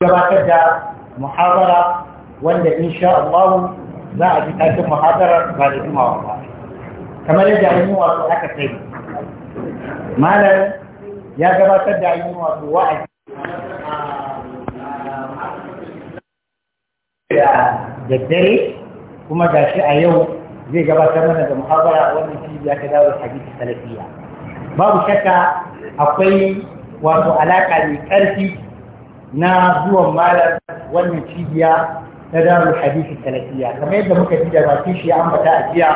gabatar da muhabara wanda insha Allah za a ji tashin muhabarar ba da jimawa ba kamar yadda ainihin wato aka sai malam ya gabatar da ainihin wato wa'azi da dare kuma ga shi a yau zai gabatar mana da muhabara wannan cibiya ta dawo hadisi salafiya babu shakka akwai wato alaka mai ƙarfi na zuwan malam wannan cibiya ta darul hadisi talafiya kamar yadda muka ji da baki shi bata a jiya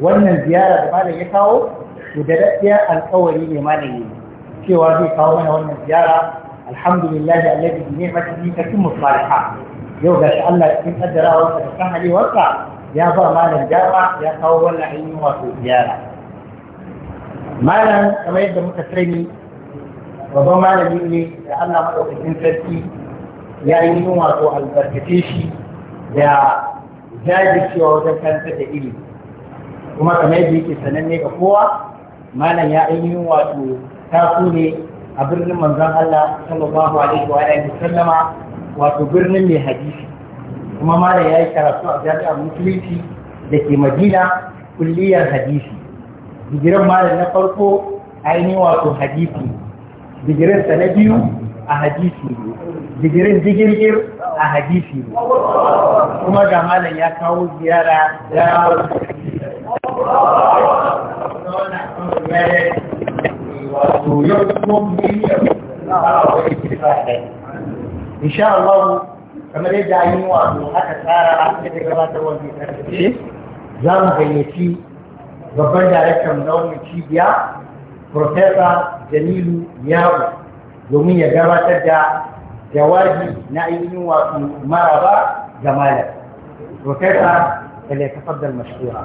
wannan ziyara da malam ya kawo to da daddiyar alkawari ne malam ya cewa zai kawo mana wannan ziyara alhamdulillah alladhi bi ni'matihi tatimmu salihah yau ga shi Allah cikin kaddarawarsa da kan halewarsa ya ba malam dama ya kawo wannan ainihin wato ziyara malam kamar yadda muka sani babban malami ne da Allah maɗaukakin sarki ya yi yin wato albarkace shi da jajircewa wajen karanta da iri kuma kamar yadda yake sananne ga kowa malam ya ainihin wato taso ne a birnin manzan Allah sallallahu alaihi wa alihi sallama wato birnin mai hadisi kuma malam ya yi karatu a jami'ar musulunci da ke Madina kulliyar hadisi digiran malam na farko ainihin wato hadisi digirin sa na biyu a hadisi ne digirin digirgir a hadisi ne kuma ga malam ya kawo ziyara ya mu yi insha Allah kamar yadda an yi wa aka tsara aka ta gabatar wanda ya za mu gayyaci babban daraktan na wannan cibiya Profesa Jamilu Yawo domin ya gabatar da jawabi na ainihin wato maraba ga malam. Profesa فليتفضل مشكورا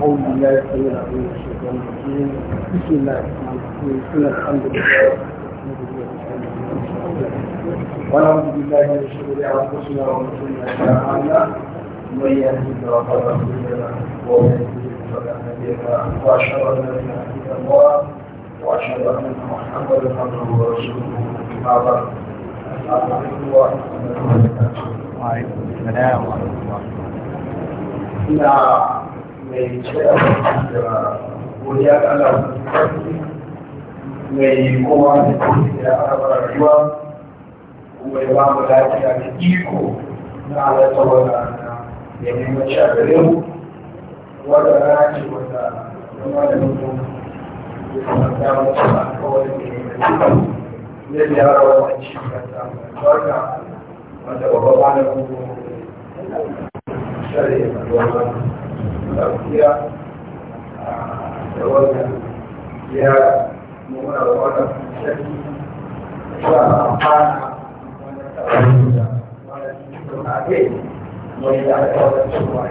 أعوذ بالله السميع العليم بسم الله الرحمن الرحيم الحمد لله ونعوذ بالله من شرور انفسنا ومن سيئات اعمالنا من يهده الله فلا مضل له ومن يضلل فلا هادي له واشهد ان لا اله الا الله واشهد ان محمدا عبده ورسوله اما بعد السلام عليكم ورحمه الله وبركاته وعليكم السلام ورحمه الله وبركاته godiya ga Allah mai kowa da kuma da arabar rayuwa kuma ya ba mu lafiya da iko na halatta wata ya neman shi a gare mu wata rana ce wata zama da mutum ya samu damar su a kawai da ya yi da ziyara wannan ci ga samun albarka wanda babba ba na kuma shari'a da wannan lafiya يتوجه الى تتوزع يا مؤونة الشكل وأعطانا وإذا أتوزع الشكوى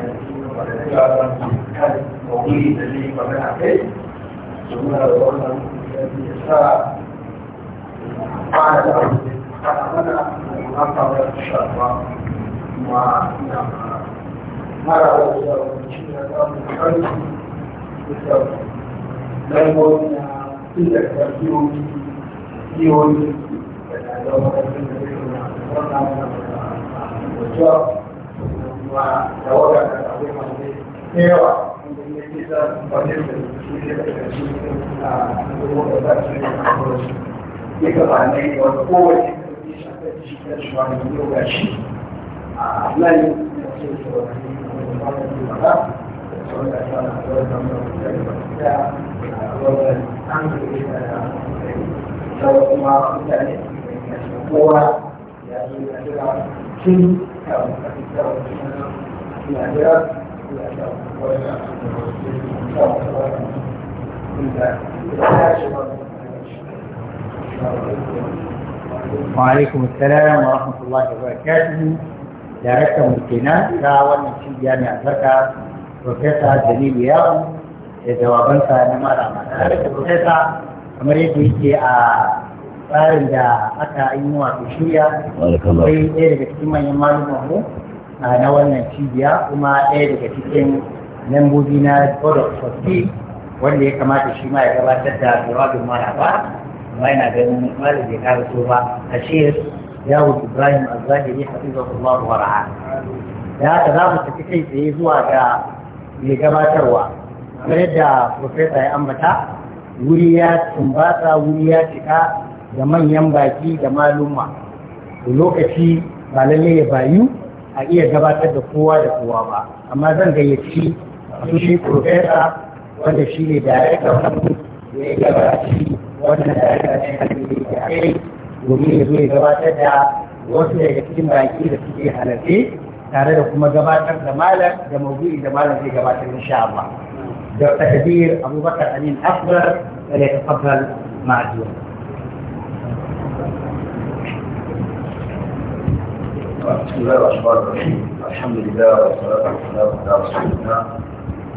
كان موجود لي ومن عليه ثم أعطانا الذي هناك قال له خلقنا وأعطى الشرع ونعم مرة وجدنا الأرض الحلم بالدولة lambobi na tun da karfiyo kiyoyi da ɗalibar makarantar da ke wannan wata da wata da ne a abubuwan da za yi shi shi وعليكم السلام ورحمة الله وبركاته. دعكم الكنان دعوة من جامعة الفرقة profesa jamilu ya da jawabansa na mara mata da profesa kamar yadda yake a tsarin da aka yi wato shirya Sai ɗaya daga cikin manyan malumanmu mu na wannan cibiya kuma ɗaya daga cikin lambobi na board of trustees wanda ya kamata shi ma ya gabatar da jawabin ba. amma yana ganin malam bai kara so ba a shir yawon ibrahim al-zahiri hafizahullah wa ra'a da haka za mu tafi kai tsaye zuwa ga mai gabatarwa kamar yadda profesa ya ambata wuri ya tumbata wuri ya cika da manyan baki da maluma da lokaci ba lalle ya bayu a iya gabatar da kowa da kowa ba amma zan gayyaci su shi profesa wanda shi ne da ya gabaci wannan da ya gabaci domin ya zo ya gabatar da wasu daga cikin baki da suke halarce tare da kuma gabatar da malam da maudu'i da malam zai gabatar insha Allah da takbir Abubakar Amin Akbar da ya tafaddal ma'azur بسم الله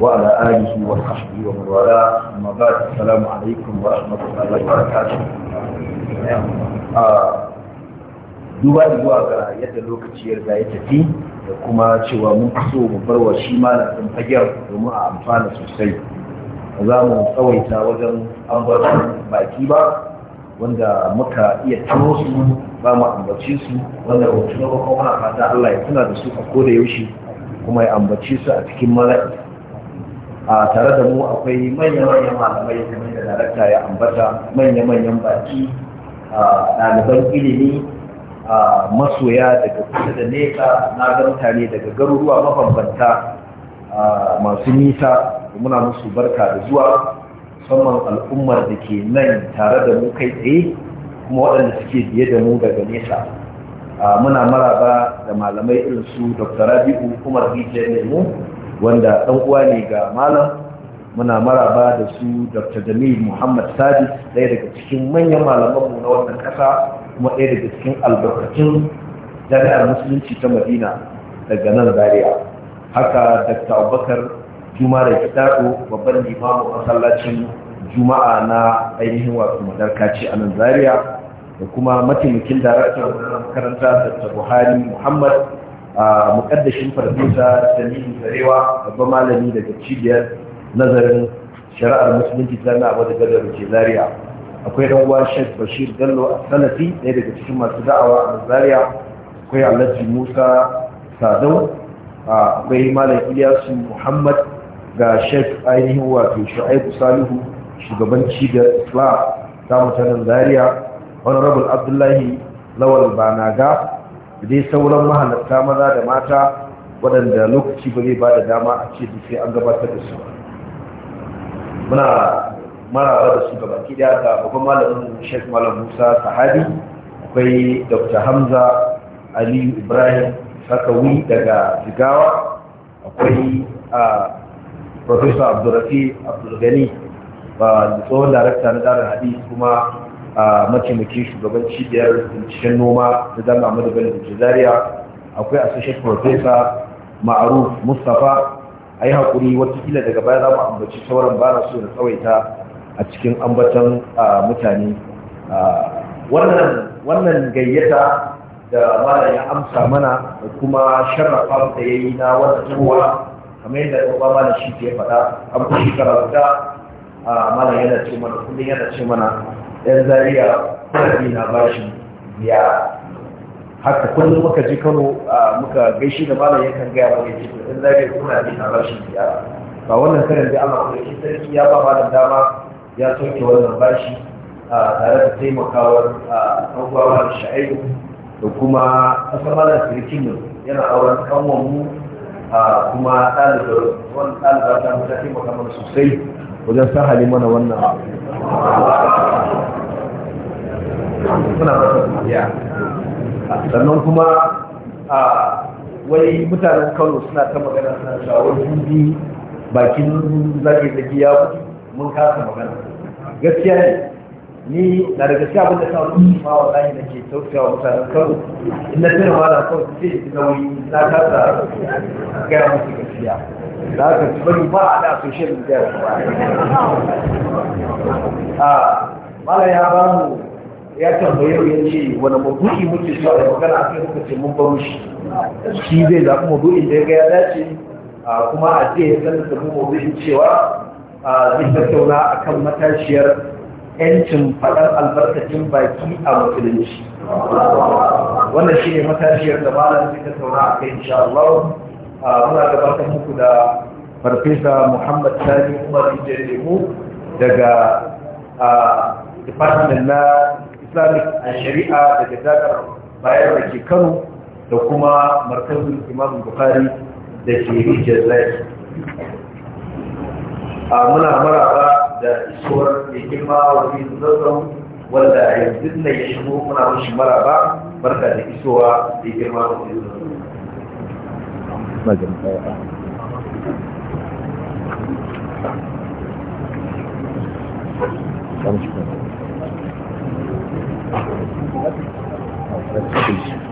وعلى آله وصحبه ومن والاه أما بعد السلام عليكم ورحمة الله وبركاته duba da zuwa ga yadda lokaci ya riga ya da kuma cewa mun so mu bar wa shi malamin fagiyar domin a amfana sosai ba za mu tsawaita wajen ambaton baki ba wanda muka iya tano su ba mu ambace su wanda hoto na bakon wani fata Allah ya tuna da su a koda yaushe kuma ya ambace su a cikin mala'i a tare da mu akwai manya-manyan malamai kamar da darakta ya ambata manya-manyan baki a ɗaliban ilimi a masoya daga kusa da nesa na ga mutane daga garuruwa mabambanta masu nisa muna musu barka da zuwa musamman al'ummar da ke nan tare da mu kai tsaye kuma waɗanda suke biye da mu daga nesa muna maraba da malamai irin su dr rabi'u umar rijiyar mu, wanda ɗan uwa ne ga malam muna maraba da su dr jamil muhammad sadis ɗaya daga cikin manyan malamanmu na wannan ƙasa kuma ɗaya daga cikin albarkacin jami'ar musulunci ta madina daga nan Zariya. haka dr abubakar juma da kiɗaɗo babban limamin masallacin juma'a na ainihin wato madarkaci a nan zaria da kuma mataimakin daraktar makaranta dr buhari muhammad a mukaddashin farfesa salihu zarewa babban malami daga cibiyar nazarin shari'ar musulunci ta na abu da gadar ke akwai dan uwa Sheikh Bashir Dallo a Salafi ɗaya daga cikin masu da'awa a Zaria akwai Alhaji Musa Sadau akwai Malam Ilyasu Muhammad ga Sheikh ainihin wato Shu'aibu Salihu shugaban cibiyar Islam ta mutanen Zaria Honorable Abdullahi Lawal Banaga da dai sauran mahalarta maza da mata waɗanda lokaci ba zai ba da dama a ce sai an gabatar da su muna maraba da su gaba daya da babban malamin Sheikh Malam Musa Sahabi akwai Dr. Hamza Ali Ibrahim Sakawi daga Jigawa akwai Professor Abdurrafi Abdulgani ba tsohon darakta na darar hadi kuma a mataimakin shugaban cibiyar binciken noma da zama da Bello Jazariya akwai Associate Professor Ma'aruf Mustapha a yi haƙuri kila daga baya za mu ambaci sauran ba na so da tsawaita a cikin ambatan mutane wannan gayyata da mara ya amsa mana da kuma sharrafa da ya yi na wata tuwa kamar yadda ɗan ba mana shi ke faɗa an fi shekara guda mana yana ce mana kullum yana ce mana yan zariya kwanaki na bashi biya haka kullum muka ji kano muka gaishe da malam yakan gaya mana ya ce yan zariya kuna bi na bashi biya ba wannan karin da ana kuma sarki ya ba malam dama ya soke wannan bashi a tare da taimakawar ɗan'uwa da sha'iru da kuma asamalar sirikinmu yana auren kanwanmu kuma ɗalibar ta mutu taimaka mana sosai wajen sahali mana wannan suna sannan kuma wai mutanen kano suna ta magana suna shawar hindi bakin zage-zage ya mutu mun kasa magana gaskiya ne ni na da gaskiya abinda ta sa wani ma wallahi da ke tausaya wa mutanen kawo in na yi ma kawo ta sai ji nauyi na kasa gaya musu gaskiya da ci bari ba a da social ba. a mala ya ba mu ya tambaye ya ce wani mabuɗi muke so da magana a kai muka ce mun baro shi shi zai zaɓi mabuɗin da ya ga ya dace kuma a ce ya sanar da mu mabuɗin cewa a tattauna a kan matashiyar ‘yancin faɗar albarkacin baki a musulunci. Wannan shi ne matashiyar da malam zai tattauna a kai insha Allah. Muna gabatar muku da Farfesa Muhammad Sani Umar Ijerimu daga Department na Islamic Shari'a daga Dakar bayar da ke Kano da kuma Markazin Imam Bukhari da ke Rijiyar Zai. muna maraba da isuwar da girma wani zazzau wanda yanzu na ya shigo muna mashi maraba barka da isowa da girma wani zazzau Thank you.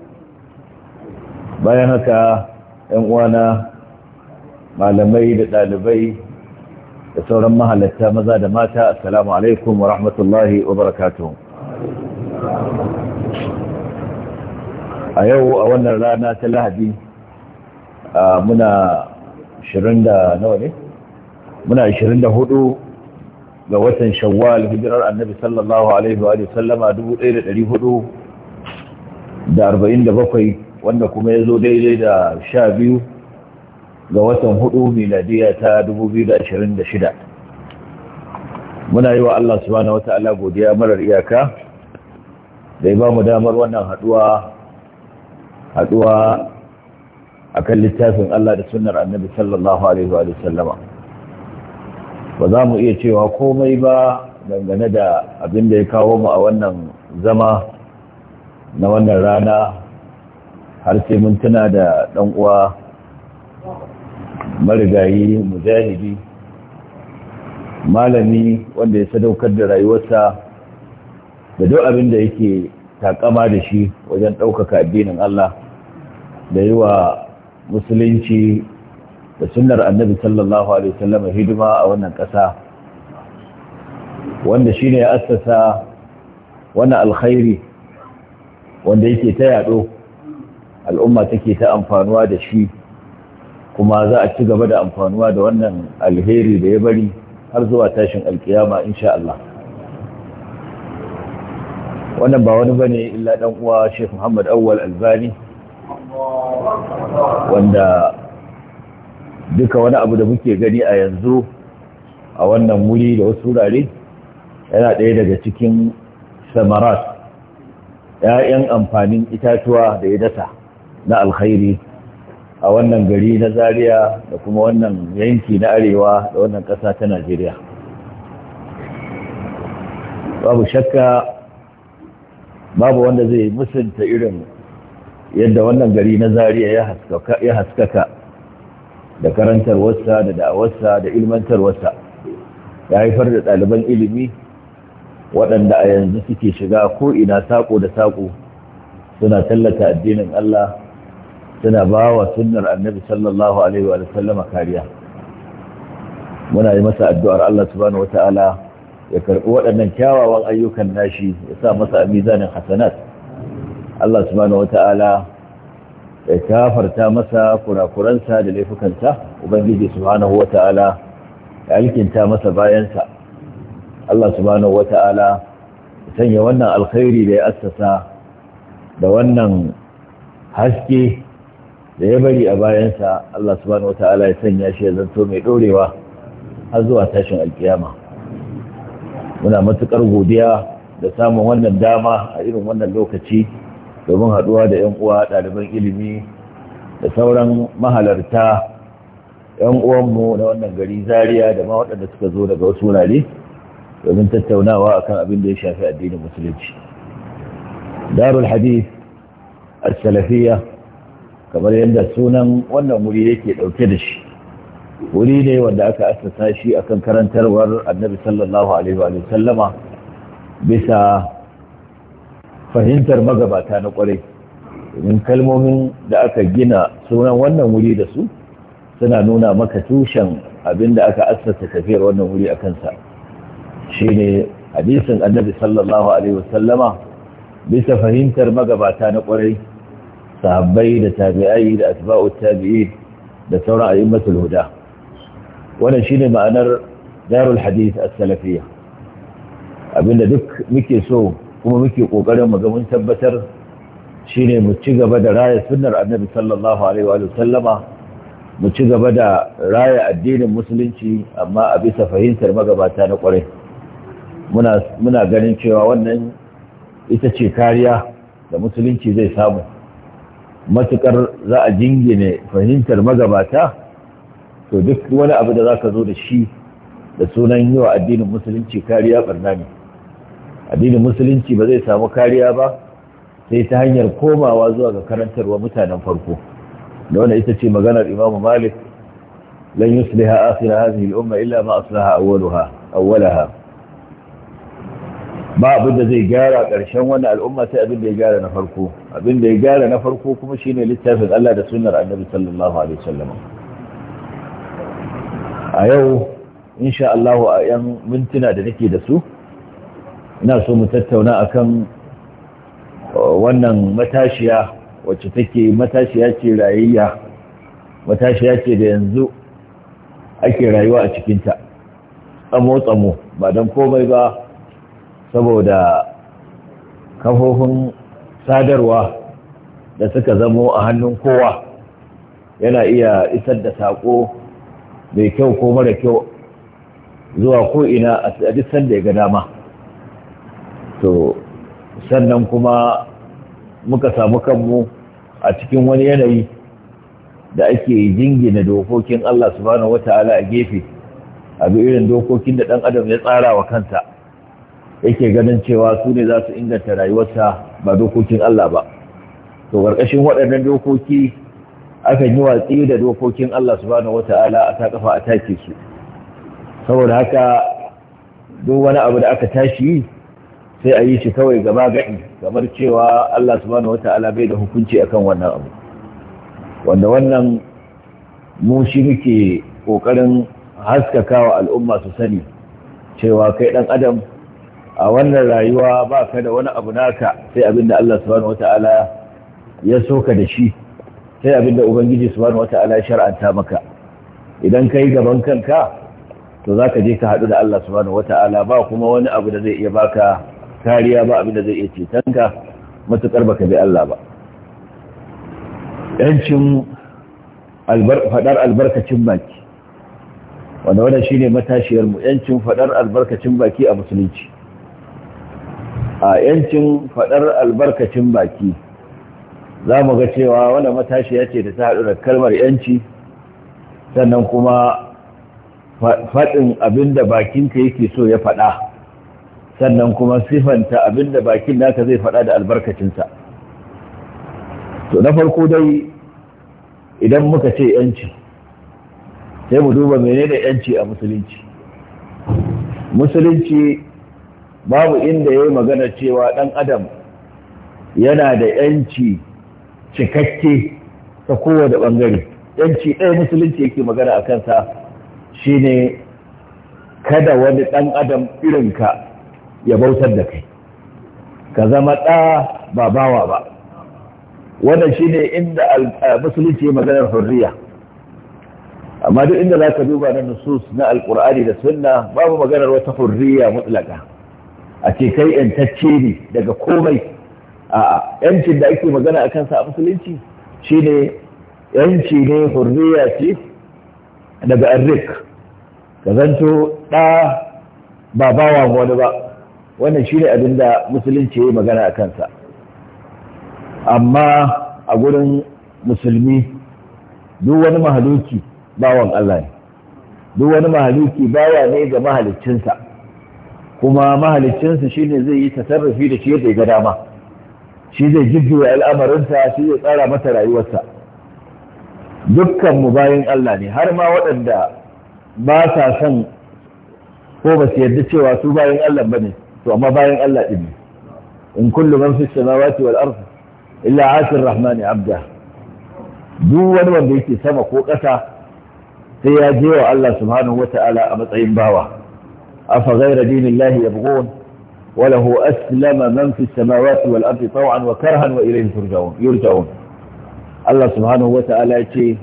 bayan haka ‘yan uwana malamai da ɗalibai da sauran mahalarta, maza da mata assalamu alaikum wa rahmatullahi wa barakatuhu a yau a wannan rana ta lahadi muna 20 da nawa ne muna 24 ga watan shawwal hijirar annabi sallallahu alaihi wa sallama 1447 wanda kuma ya zo daidai da sha biyu ga watan hudu miladiya ta 2026 muna yi wa Allah subhanahu wata'ala godiya marar iyaka da ya ba mu damar wannan haduwa haduwa akan littafin Allah da sunnar annabi sallallahu alaihi wa ba za mu iya cewa komai ba dangane da abin da ya kawo mu a wannan zama na wannan rana har sai mun tuna da ɗan uwa marigayi mujahidi malami wanda ya sadaukar da rayuwarsa da duk abin da yake takama da shi wajen ɗaukaka addinin Allah da yi wa musulunci da sunnar annabi sallallahu alaihi wasallam hidima a wannan ƙasa wanda shine ya assasa wani alkhairi wanda yake ta yaɗo al'umma take ta amfanuwa da shi kuma za a ci gaba da amfanuwa da wannan alheri da ya bari har zuwa tashin alkiyama insha Allah wannan ba wani bane illa dan uwa Sheikh Muhammad Awwal Albani wanda duka wani abu da muke gani a yanzu a wannan wuri da wasu wurare yana ɗaya daga cikin samarat ‘ya'yan amfanin itatuwa da ya dasa na alkhairi a wannan gari na Zariya da kuma wannan yanki na Arewa da wannan ƙasa ta Najeriya. Babu shakka babu wanda zai musanta irin yadda wannan gari na Zariya ya haskaka da karantarwarsa da da'awarsa da ilmantarwarsa ya haifar da ɗaliban ilimi waɗanda a yanzu suke shiga ko ina saƙo da saƙo suna tallata addinin Allah suna ba wa sunnar annabi sallallahu alaihi wa sallama kariya muna yi masa addu'ar Allah subhanahu ya karɓi waɗannan kyawawan ayyukan nashi ya sa masa a mizanin hasanat Allah subhanahu wata'ala ya kafarta masa kurakuransa da laifukansa ubangiji subhanahu wata'ala ya alkinta masa bayansa Allah subhanahu ya sanya wannan alkhairi da ya assasa da wannan haske da ya bari a bayansa Allah subhanahu ta'ala ya sanya shi ya zanto mai ɗorewa har zuwa tashin alkiyama muna matuƙar godiya da samun wannan dama a irin wannan lokaci domin haɗuwa da 'yan uwa ɗaliban ilimi da sauran mahalarta 'yan uwanmu na wannan gari zariya da ma waɗanda suka zo daga wasu wurare domin tattaunawa akan abin da ya shafi addinin musulunci darul hadith as-salafiyya kamar yadda sunan wannan wuri yake ɗauke da shi wuri ne wanda aka asasa shi akan karantarwar annabi sallallahu alaihi wa sallama bisa fahimtar magabata na kwarai domin kalmomin da aka gina sunan wannan wuri da su suna nuna maka tushen abin da aka asasa tafiyar wannan wuri a kansa shi ne hadisin annabi sallallahu alaihi wa sallama bisa fahimtar magabata na kwarai sahabbai da tabi'ai da atba'u tabi'i da sauran a'immatul huda wannan shine ma'anar darul hadith as-salafiyya abinda duk muke so kuma muke kokarin mu ga mun tabbatar shine mu ci gaba da raya sunnar annabi sallallahu alaihi wa sallama mu ci gaba da raya addinin musulunci amma a bisa fahimtar magabata na kwarai muna ganin cewa wannan ita ce kariya da musulunci zai samu matukar za a jingine fahimtar magabata to duk wani abu da za ka zo da shi da sunan yi wa addinin musulunci kariya barna ne addinin musulunci ba zai samu kariya ba sai ta hanyar komawa zuwa ga karantarwa mutanen farko da ita ce maganar imamu malik lan yusliha akhir hadhihi al-umma illa ma aslaha awwalaha awwalaha ba abin da zai gyara ƙarshen wannan al'umma sai abin da ya gyara na farko abin da ya gyara na farko kuma shi ne littafin Allah da sunnar annabi sallallahu alaihi wasallam a yau insha Allah a yan mintuna da nake da su ina so mu tattauna akan uh, wannan matashiya wacce take matashiya ce rayayya matashiya ce da yanzu ake rayuwa a cikinta tsamo-tsamo ba don komai ba saboda kafofin sadarwa da suka zamo a hannun kowa yana iya isar da saƙo mai kyau ko mara kyau zuwa ko'ina a duk sanda ya ga dama to sannan kuma muka samu kanmu a cikin wani yanayi da ake jingina dokokin Allah subhanahu ta’ala a gefe a irin dokokin da ɗan adam ya tsara wa kansa yake ganin cewa su ne za su inganta rayuwarsa ba dokokin Allah ba to ƙarƙashin waɗannan dokoki aka yi watsi da dokokin Allah subhanahu wata'ala a ta kafa a take su saboda haka duk wani abu da aka tashi sai a yi shi kawai gaba gaɗi kamar cewa Allah subhanahu wata'ala bai da hukunci akan wannan abu wanda wannan mu shi muke ƙoƙarin haskakawa al'umma su sani cewa kai ɗan adam a wannan rayuwa ba ka da wani abu naka sai abin da Allah subhanahu wata'ala ya soka da shi sai abin da ubangiji subhanahu wata'ala ya shar'anta maka idan ka yi gaban kanka to za ka je ka hadu da Allah subhanahu wata'ala ba kuma wani abu da zai iya baka kariya ba abin da zai iya cetonka matukar baka bi Allah ba yancin fadar albarkacin baki wanda wannan shine matashiyar mu yancin fadar albarkacin baki a musulunci a yancin faɗar albarkacin baki za mu ga cewa wanda matashiya ce da ta haɗu da kalmar yanci sannan kuma faɗin abinda da bakinka yake so ya faɗa sannan kuma sifanta abin bakin naka zai faɗa da albarkacinsa to na farko dai idan muka ce yanci sai mu duba menene yanci a musulunci musulunci babu inda ya yi magana cewa ɗan adam yana da ‘yanci cikakke ta kowane ɓangare ‘yanci ɗaya musulunci yake magana a kansa shi ne kada wani ɗan adam irinka ya bautar da kai ka zama ɗa ba bawa ba wannan shi ne inda musulunci ya maganar hurriya amma duk inda za ka duba na nusus na Alƙur'ani da sunna babu maganar wata hurriya mutlaka a ce kai ‘yantacce ne daga komai a ‘yancin da ake magana a kansa a musulunci shi ne ‘yanci ne hurriya ce daga arrik ka zanto ɗa ba bawa wani ba wannan shi ne abin da musulunci ya yi magana a kansa amma a gurin musulmi duk wani mahaluki bawan Allah ne duk wani mahaluki bawa ne ga mahaliccinsa. kuma mahaliccinsu shi ne zai yi ta sarrafi da shi yadda ya ga dama shi zai jirgiwa al'amarinsa shi zai tsara mata rayuwarsa dukkan mu bayan Allah ne har ma waɗanda ba sa son ko ba su yarda cewa su bayan Allah ba ne to amma bayan Allah ɗin in kullu man fi samawati wal ardh illa asir rahmani abda duk wani wanda yake sama ko ƙasa sai ya je wa Allah subhanahu wata'ala a matsayin bawa أفغير دين الله يبغون وله أسلم من في السماوات والأرض طوعا وكرها وإليه ترجعون يرجعون الله سبحانه وتعالى يتي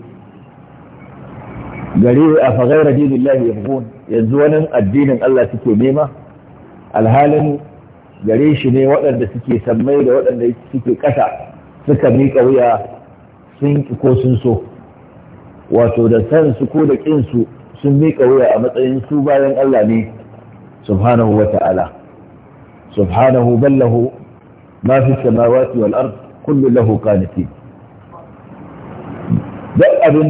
gari a fagaira dinin lahi ya bugun yanzu wani addinin Allah suke nema alhalin gare shi ne waɗanda suke sammai da waɗanda suke ƙasa suka miƙa wuya sun ki ko wato da ko da ƙinsu sun miƙa wuya a matsayin su bayan Allah ne subhanahu wa ta'ala subhanahu ballahu abin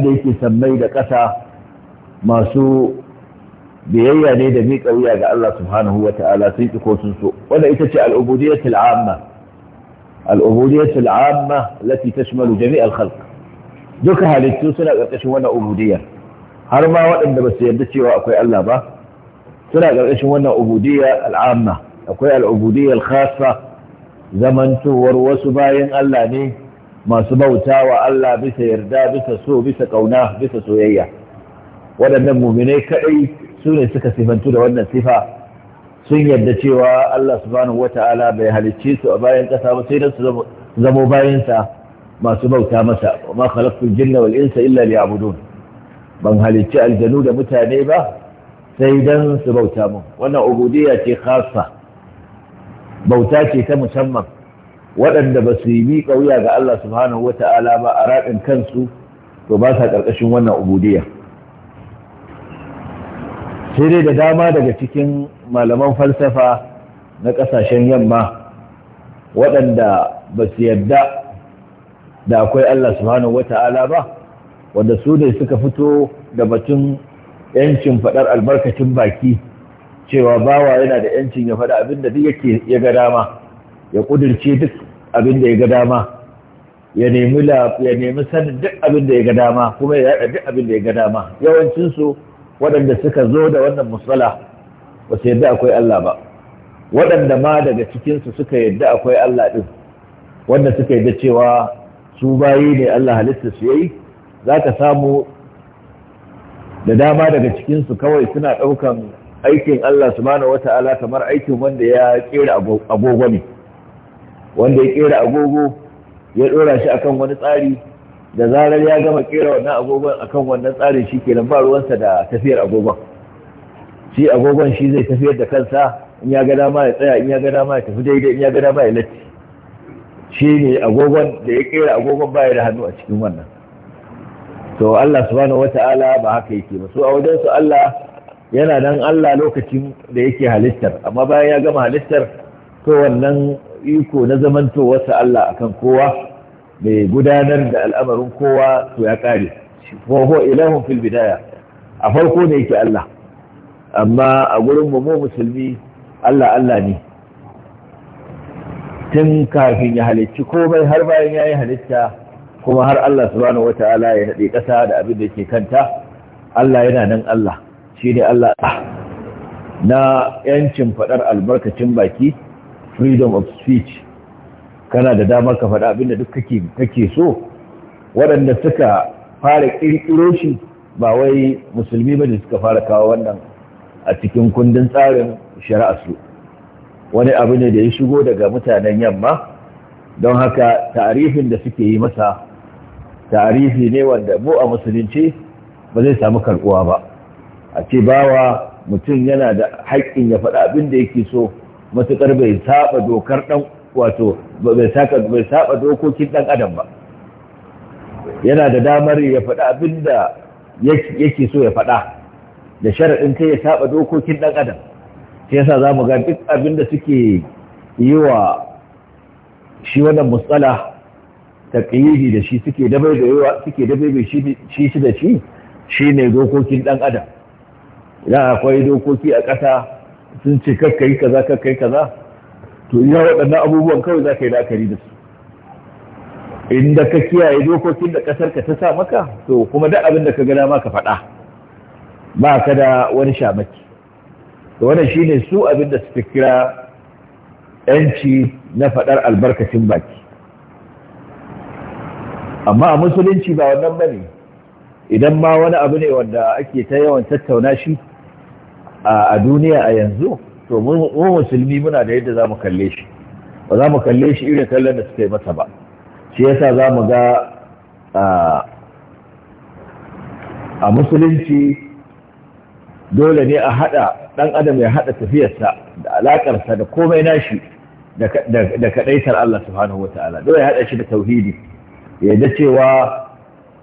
da yake sammai da ƙasa masu biyayya ne da miƙa wuya ga Allah subhanahu wa ta'ala sun ita ce al'ubudiyyatul amma al'ubudiyyatul jami'al khalq duka halittu suna ƙarƙashin wannan har ma waɗanda ba yarda cewa akwai Allah ba suna ƙarƙashin wannan ubudiyya al'amma akwai al'ubudiyya al zamantowar wasu bayan Allah ne masu bauta wa Allah bisa yarda bisa so bisa ƙauna bisa soyayya waɗannan muminai kaɗai su ne suka sifantu da wannan sifa sun yarda cewa Allah subhanahu wata'ala bai halicci su a bayan ƙasa ba sai don su zamo bayansa masu bauta masa wa ma khalaqtul jinna wal insa illa liya'budun ban halicci aljanu da mutane ba sai dan su bauta mun wannan ubudiyya ce kafa bauta ce ta musamman waɗanda ba su yi miƙa wuya ga Allah subhanahu wa ta'ala ba a raɗin kansu to ba sa ƙarƙashin wannan ubudiyya sai dai da dama daga cikin malaman falsafa na ƙasashen yamma waɗanda ba su yadda da akwai Allah subhanahu wa ta'ala ba wanda su ne suka fito da batun yancin faɗar albarkacin baki cewa bawa yana da yancin ya faɗa abin da duk ya ga dama ya ƙudurce duk abin da ya ga dama ya nemi sanin duk abin da ya ga dama kuma ya yaɗa duk abin da ya ga dama Yawancinsu waɗanda suka zo da wannan musala ba su yadda akwai Allah ba waɗanda ma daga cikinsu suka yadda akwai Allah ɗin wanda suka yadda cewa su bayi ne Allah halitta su yayi za ka samu da dama daga cikinsu kawai suna ɗaukan aikin Allah subhanahu wata'ala kamar aikin wanda ya kera agogo ne wanda ya kera agogo ya ɗora shi akan wani tsari da zarar ya gama kera wannan agogon akan wannan tsarin shi lamba ba ruwansa da tafiyar agogon shi agogon shi zai tafiyar da kansa in ya ga dama ya tsaya in ya ga dama ya tafi daidai in ya ga dama ya latti shi ne agogon da ya kera agogon baya da hannu a cikin wannan to Allah subhanahu wata'ala ba haka yake ba su a wajen su Allah yana nan Allah lokacin da yake halittar amma bayan ya gama halittar to wannan iko na zamantowarsa Allah akan kowa mai gudanar da al'amarin kowa to ya kare ko ho ilahun fil bidaya a farko ne yake Allah amma a gurin mu mu musulmi Allah Allah ne tun kafin ya halicci komai har bayan ya yi halitta kuma har Allah subhanahu wata'ala ya haɗe ƙasa da abin da ke kanta Allah yana nan Allah shi ne Allah na yancin faɗar albarkacin baki freedom of speech kana da damar ka faɗa abin da duk kake so waɗanda suka fara ƙirƙiro shi ba wai musulmi ba da suka fara kawo wannan a cikin kundin tsarin su. wani abu ne da ya shigo daga mutanen yamma don haka tarihin da suke yi masa Tarihi ne wanda mu a musulunci ba zai samu karbuwa ba a ce bawa mutum yana da haƙƙin ya faɗa abin da yake so matuƙar bai saba dokar ɗan wato bai saba dokokin ɗan adam ba yana da damar ya faɗa abin da yake so ya faɗa da sharaɗin ta ya saba dokokin ɗan adam ta yasa za mu ga duk abin da suke yi wa shi wannan musala takiyihi da shi suke da yawa, suke dabaibaye shi shi da shi shi ne dokokin dan adam idan akwai dokoki a ƙasa sun ce kakka yi kaza kakka yi kaza to ina waɗannan abubuwan kawai za ka yi la'akari da su inda ka kiyaye dokokin da ƙasar ka ta sa maka to kuma duk abin da ka ga dama ka faɗa ba ka da wani shamaki to wannan shine su abin da su kira yanci na faɗar albarkacin baki amma a musulunci ba wannan ba ne idan ma wani abu ne wanda ake ta yawan tattauna shi a duniya a yanzu to mu musulmi muna da yadda za mu kalle shi ba za mu kalle shi irin kallon da suka yi masa ba shi yasa za mu ga a musulunci dole ne a haɗa ɗan adam ya haɗa tafiyarsa da alaƙarsa da komai nashi da kaɗaitar Allah subhanahu wa ta'ala dole ya haɗa shi da tauhidi ya cewa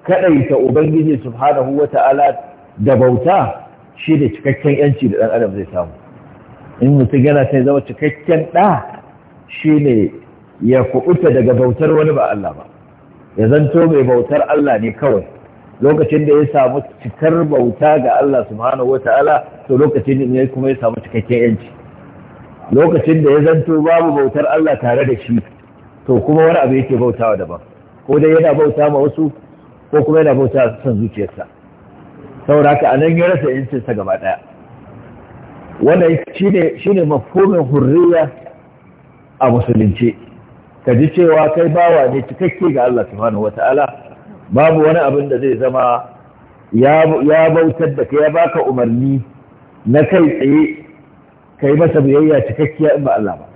kaɗaita ubangiji subhanahu wata'ala da bauta shi da cikakken yanci da dan adam zai samu in mutum yana sai zama cikakken ɗa shi ne ya kubuta daga bautar wani ba Allah ba ya zanto mai bautar Allah ne kawai lokacin da ya samu cikar bauta ga Allah subhanahu wata'ala to lokacin ne kuma ya samu cikakken yanci lokacin da ya zanto babu bautar Allah tare da shi to kuma wani abu yake bautawa daban ko dai yana bauta ma wasu ko kuma yana bauta son zuciyarsa saboda haka anan ya rasa yancinsa gaba ɗaya wannan shine shine mafhumin hurriya a musulunci ka ji cewa kai bawa ne cikakke ga Allah subhanahu wata'ala babu wani abin da zai zama ya bautar da kai ya baka umarni na kai tsaye kai masa biyayya cikakkiya in ba Allah ba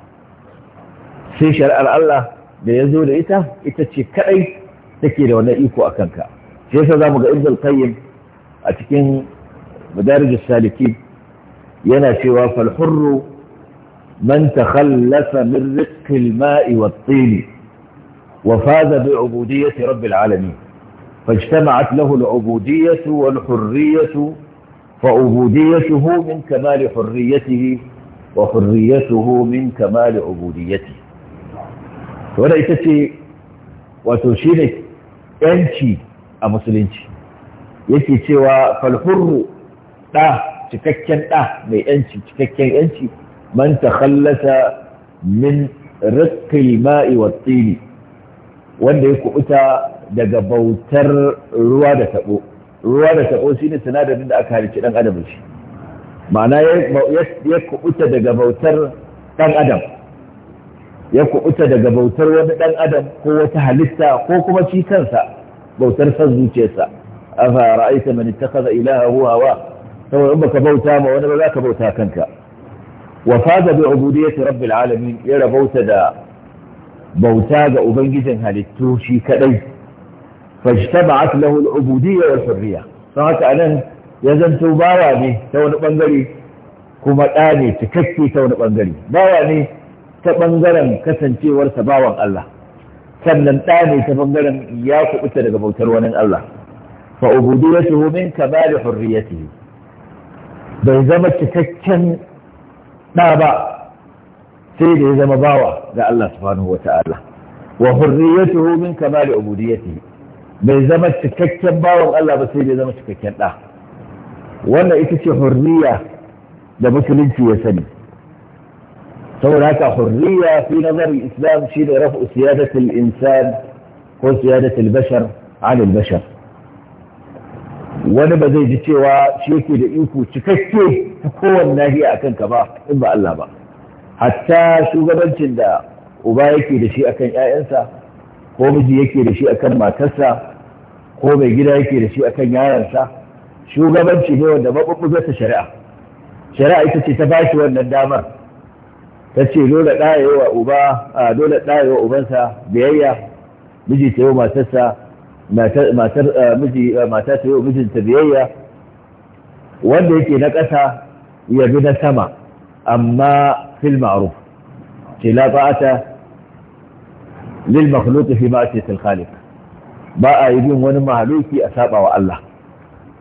sai shari'ar Allah da ya zo da ita ita ce kadai take da wannan iko a kanka shi yasa za mu ga ibn qayyim a cikin madarij al-salikin yana cewa fal hurru man takhallasa min rizqi al-ma'i wat-tili wa faza bi ubudiyyati rabbil alamin lahu فاجتمعت له العبودية والحرية فعبوديته من كمال حريته وحريته من كمال عبوديته wadda ita ce wato shi ne ‘yanci a musulunci yake cewa falhurru ɗa cikakken ɗa mai ‘yanci cikakken ‘yanci man ta kallata min rikil ma'i wa tsini wanda ya kubuta daga bautar ruwa da taɓo ruwa da taɓo shi ne sinadarin da aka halici ɗan adam shi ma'ana ya kubuta daga bautar ɗan adam ya kuɓuta daga bautar wani ɗan adam ko wata halitta ko kuma shi kansa bautar san zuciyarsa afa ra'aita man ittakhadha ilaha huwa wa saboda baka bauta ma wani ba za ka bauta kanka wa faza bi ubudiyyati rabbil alamin ya rabauta da bauta ga ubangijin halittu shi kadai fajtaba'at lahu al-ubudiyya wal hurriya don haka anan ya zanto bawa ne ta wani bangare kuma ɗa ne cikakke ta wani bangare bawa ne ta ɓangaren kasancewarsa bawan Allah sannan ɗa ne ta ɓangaren ya kuɓuta daga bautar wani Allah fa ubudiyatuhu min kamali hurriyatihi bai zama cikakken ɗa ba sai da ya zama bawa ga Allah subhanahu wa wata'ala wa hurriyatuhu min kamali ubudiyatihi bai zama cikakken bawan Allah ba sai da ya zama cikakken ɗa wannan ita ce hurriya da musulunci ya sani saboda haka hurriya fi nazarin islam shi ne rafu siyadatul insan ko siyadatul bashar alil bashar wani ba zai ji cewa shi yake da iko cikakke ta kowanne nahiya akan ka ba in ba Allah ba hatta shugabancin da uba yake da shi akan ‘ya'yansa ko miji yake da shi akan matarsa ko mai gida yake dashi shi akan yaransa shugabanci ne wanda maɓuɓɓugarsa shari'a shari'a ita ce ta bashi wannan damar ta ce dole ɗayewa uba a dole ubansa biyayya miji ta yi matarsa matar miji mata ta yi mijinta biyayya wanda yake na ƙasa ya bi na sama amma fil ma'ruf ce la ba'ata lil makhluq fi ma'ati al khaliq ba a yi bin wani mahaluki a saba wa Allah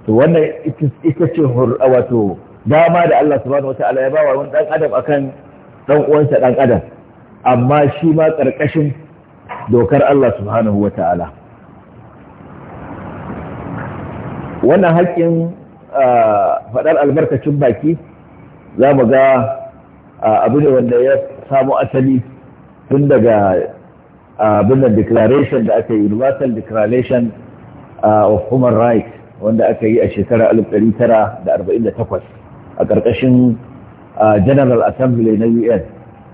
to wannan ita ce wato dama da Allah subhanahu wataala ya ba wa wani dan adam akan Ɗan uwansa ɗan adam amma shi ma ƙarƙashin dokar Allah subhanahu ta'ala. wannan haƙƙin faɗar albarkacin baki za mu ga abu ne wanda ya samu asali tun daga abin declaration da aka yi universal declaration of human rights wanda aka yi a shekarar 1948 a ƙarƙashin general assembly na un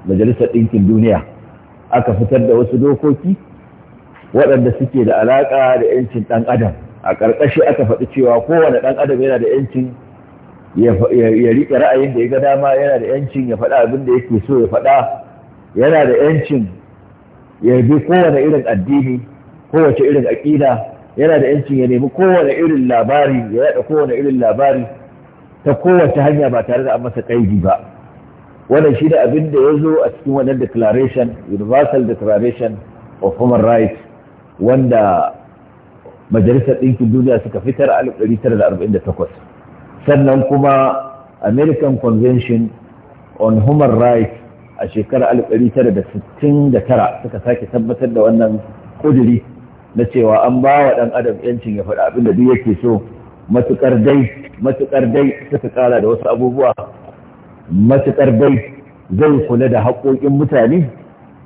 majalisar ɗinkin duniya aka fitar da wasu dokoki waɗanda suke da alaƙa da 'yancin ɗan adam a ƙarƙashi aka faɗi cewa kowane ɗan adam yana da 'yancin ya riƙe ra'ayin da ya ga dama yana da 'yancin ya faɗa abin da yake so ya faɗa yana da 'yancin ya bi kowane irin addini kowace irin aƙida yana da 'yancin ya nemi kowane irin labari ya yaɗa kowane irin labari ta kowace hanya ba tare da an masa ƙaidi ba wannan shi da abin da ya zo a cikin wannan declaration universal declaration of human rights wanda majalisar ɗinkin duniya suka fitar a 1948 sannan kuma american convention on human rights a shekarar 1969 suka sake tabbatar da wannan kuduri na cewa an ba wa ɗan adam yancin ya faɗi abin da duk yake so Matuƙar dai matukar dai suka ƙara da wasu abubuwa matuƙar dai zai kula da haƙoƙin mutane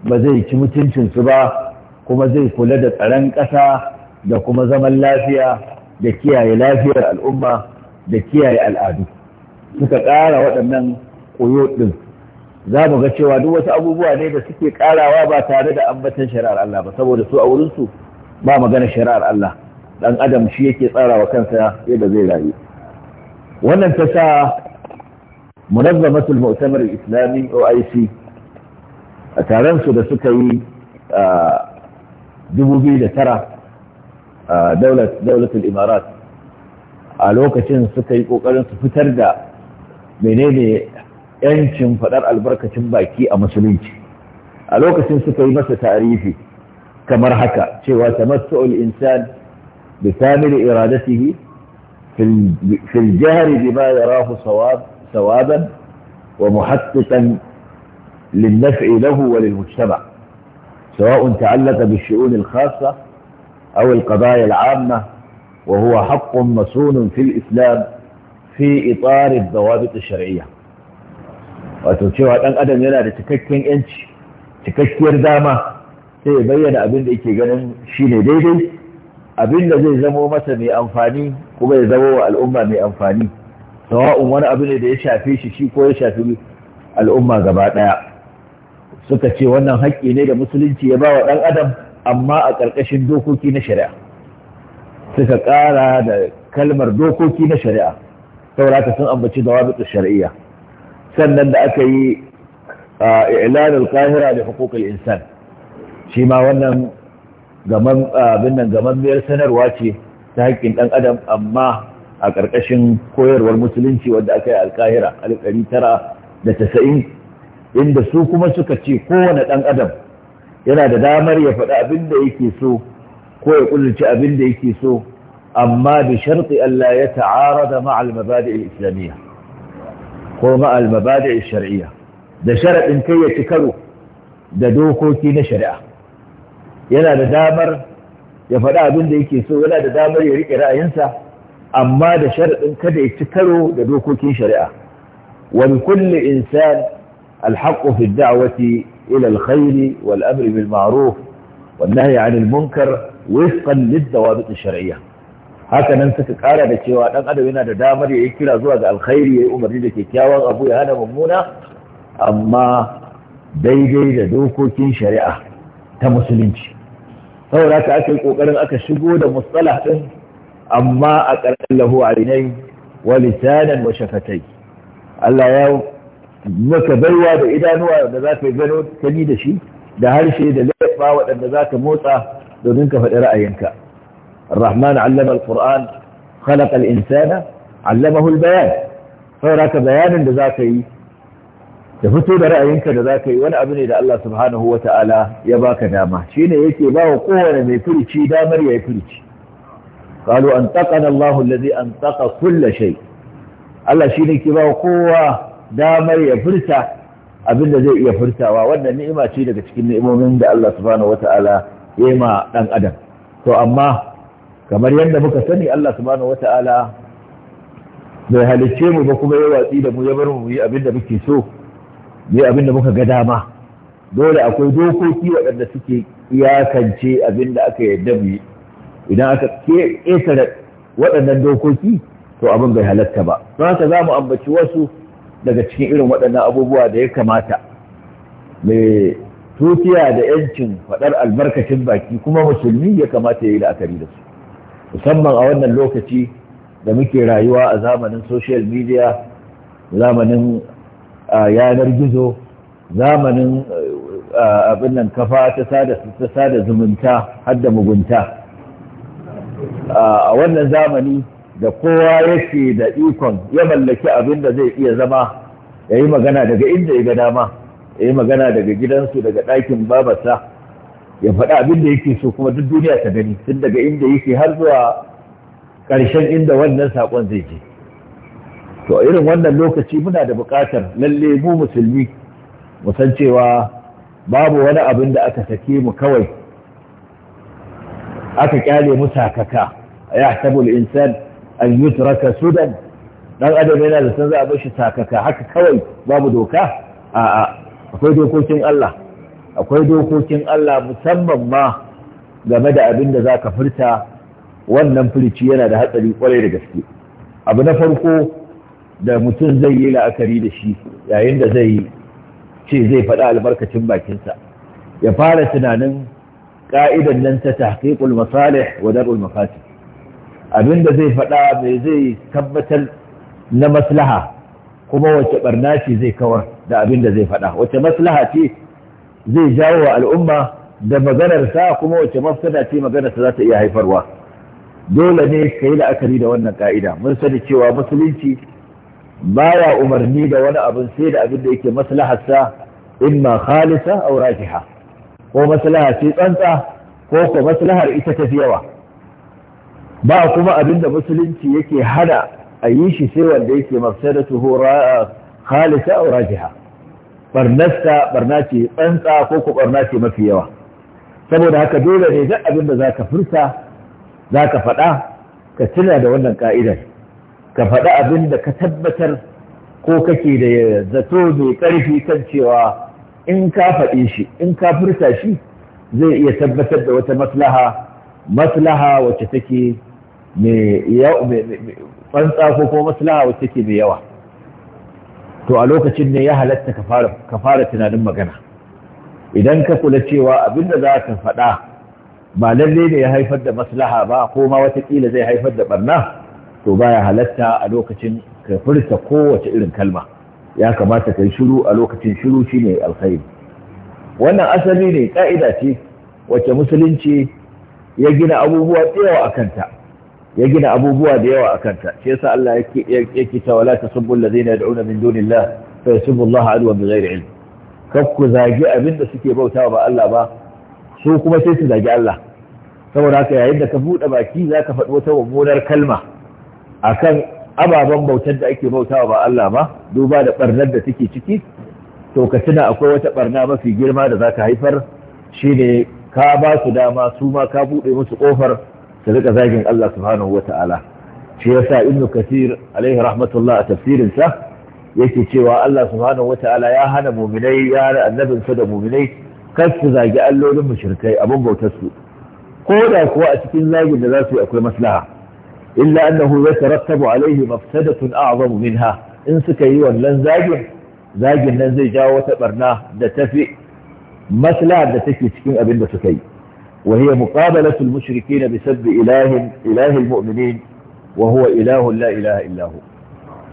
ba zai ci mutuncinsu ba kuma zai kula da tsaron ƙasa da kuma zaman lafiya da kiyaye lafiyar al'umma da kiyaye al'adu suka ƙara waɗannan koyo ɗin za mu ga cewa duk wasu abubuwa ne da suke ƙarawa ba tare da ambatan shari'ar Allah ba saboda su a wurinsu ba magana shari'ar Allah dan adam shi yake tsara wa kansa yadda zai rayu wannan ta sa munazzamatul mu'tamar islami OIC a taron su da suka yi a 2009 a daulatul imarat a lokacin suka yi kokarin su fitar da menene yancin fadar albarkacin baki a musulunci a lokacin suka yi masa tarihi kamar haka cewa tamattu'ul insan بكامل إرادته في الجهر بما يراه صواب ثوابا ومحققا للنفع له وللمجتمع سواء تعلق بالشؤون الخاصة أو القضايا العامة وهو حق مصون في الإسلام في إطار الضوابط الشرعية وتنشوها أن أدن يلا لتككين إنش تككير داما sai ya bayyana قنن شيني ديدي دي. abin da zai zamo masa mai amfani kuma ya zamo wa al'umma mai amfani sawa'un wani abu ne da ya shafe shi shi ko ya shafi al'umma gaba ɗaya suka ce wannan haƙƙi ne da musulunci ya ba wa ɗan adam amma a ƙarƙashin dokoki na shari'a suka ƙara da kalmar dokoki na shari'a sauraka sun ambaci da wabitu shari'a sannan da aka yi ilanin kahira da hukukul insan shi ma wannan gaman ah, abin nan gamammiyar sanarwa ce ta haƙƙin ɗan adam amma a ƙarƙashin koyarwar musulunci wadda aka yi alkahira alƙari tara da tasa'in inda su kuma suka ce kowane ɗan adam yana da damar ya faɗi abin da yake so ko ya ƙudurci abin da yake so amma da sharti Allah ya ta'ara da ma'al mabadi islamiyya ko ma'al mabadi shari'iyya da sharaɗin kai ya ci karo da dokoki na shari'a yana da damar ya faɗa abin da yake so yana da damar ya riƙe ra'ayinsa amma da sharaɗin kada ya ci karo da dokokin shari'a wani kulle insan alhaƙo fi da'awati ila alkhairi wal amri bil ma'ruf wal nahyi 'anil munkar wifqan lid dawabit shar'iyya haka nan suka kara da cewa dan adam yana da damar ya yi kira zuwa ga alkhairi yi umarni da kyakkyawan abu ya hana mummuna amma daidai da dokokin shari'a ta musulunci saboda ka aka yi kokarin aka shigo da mustalah din amma a ƙarƙar lahu arinai wa lisanan wa shafatai Allah ya maka baiwa da idanuwa da za ka yi gano kani da shi da harshe da laifa waɗanda za ka motsa domin ka faɗi ra'ayinka rahman allama al-qur'an khalaqa al-insana allamahu al-bayan saboda bayanin da za ka yi da fito da ra'ayinka da ka yi wani abu ne da Allah subhanahu wa ta'ala ya baka dama shine yake ba wa kowane mai furici damar ya yi furici qalu an taqana Allah allazi an taqa kulla shai. Allah ne ke ba wa kowa damar ya furta abin da zai iya furtawa wannan ni'ima ce daga cikin ni'imomin da Allah subhanahu wa ta'ala ya yi ma dan adam to amma kamar yadda muka sani Allah subhanahu wa ta'ala bai halicce mu ba kuma ya watsi da mu ya bar mu yi abin da muke so yi abin da muka ga dama dole akwai dokoki waɗanda suke iyakance abin da aka yadda mu yi idan aka ƙetare waɗannan dokoki to abin bai halatta ba don haka za mu ambaci wasu daga cikin irin waɗannan abubuwa da ya kamata mai tutiya da yancin faɗar albarkacin baki kuma musulmi ya kamata ya yi la'akari da su musamman a wannan lokaci da muke rayuwa a zamanin social media zamanin yanar gizo zamanin abin nan kafa ta sada zumunta har da mugunta a wannan zamani da kowa yake da ikon ya mallaki abin da zai iya zama ya yi magana daga inda ya ga dama ya yi magana daga gidansu daga ɗakin babarsa ya faɗa abin da yake so kuma duk duniya ta gani tun daga inda yake har zuwa ƙarshen inda wannan saƙon zai je to irin wannan lokaci muna da buƙatar lalle mu musulmi mu san cewa babu wani abin da aka sake mu kawai aka kyale mu sakaka ya sabul insan an yutraka sudan dan adam yana da san za a bar shi sakaka haka kawai babu doka a'a akwai dokokin Allah akwai dokokin Allah musamman ma game da abin da zaka furta wannan furici yana da hatsari kwarai da gaske abu na farko da mutum zai yi la'akari da shi yayin da zai ce zai faɗa albarkacin bakinsa ya fara tunanin ƙa'idan nan ta tahqiqul masalih wa dar'ul mafasid abinda zai faɗa mai zai tabbatar na maslaha kuma wace barna ce zai kawar da abinda zai faɗa wace maslaha ce zai jawo wa al'umma da maganarsa kuma wace mafsada ce maganarsa za ta iya haifarwa dole ne ka yi la'akari da wannan ka'ida mun sani cewa musulunci baya umarni da wani abin sai da abin da yake maslaharsa imma khalisa aw rajiha ko maslaha ce tsantsa ko ko maslahar ita ta yawa ba kuma abin da musulunci yake hana a yi shi sai wanda yake mafsadatuhu khalisa aw rajiha barnasta barna ce tsantsa ko ko barna ce mafi yawa saboda haka dole ne duk abin da zaka furta zaka faɗa ka tuna da wannan ka'idar ka faɗi abin da ka tabbatar ko kake da zato mai ƙarfi kan cewa in ka faɗi shi in ka furta shi zai iya tabbatar da wata maslaha maslaha wacce take mai fansa ko kuma maslaha wacce take mai yawa to a lokacin ne ya halatta ka fara tunanin magana idan ka kula cewa abin da za ka faɗa ba lalle ne ya haifar da maslaha ba ko ma watakila zai haifar da barna to baya halatta a lokacin ka furta kowace irin kalma ya kamata yi shiru a lokacin shiru ne alkhairi wannan asali ne ka'ida ce wacce musulunci ya gina abubuwa da yawa akanta ya gina abubuwa da yawa akanta shi yasa Allah yake yake cewa la tasubbu alladhina yad'una min dunillah fa yasubbu Allah adwa bighairi ilm ku zagi abinda suke bautawa ba Allah ba su kuma sai su zagi Allah saboda haka yayin da ka buɗe baki za ka faɗi wata mummunar kalma akan ababen bautar da ake bautawa ba Allah ba duba da ɓarnar da take ciki to ka tuna akwai wata ɓarna mafi girma da ka haifar shine ka ba su dama su ma ka bude musu kofar su rika zagin Allah subhanahu wata'ala shi yasa ibnu kasir alaihi rahmatullah a tafsirin sa yake cewa Allah subhanahu ta'ala ya hana mu'minai ya annabin sa da mu'minai kar su zagi allolin mushrikai abun bautar su ko da kuwa a cikin zagin da za su yi akwai maslaha illa annahu yatarattabu alaihi mafsadatun a'zamu minha in suka yi wannan zagin zagin nan zai jawo wata barna da tafi masla da take cikin abin da suka yi وهي مقابلة المشركين بسب إله إله المؤمنين وهو إله لا إله إلا هو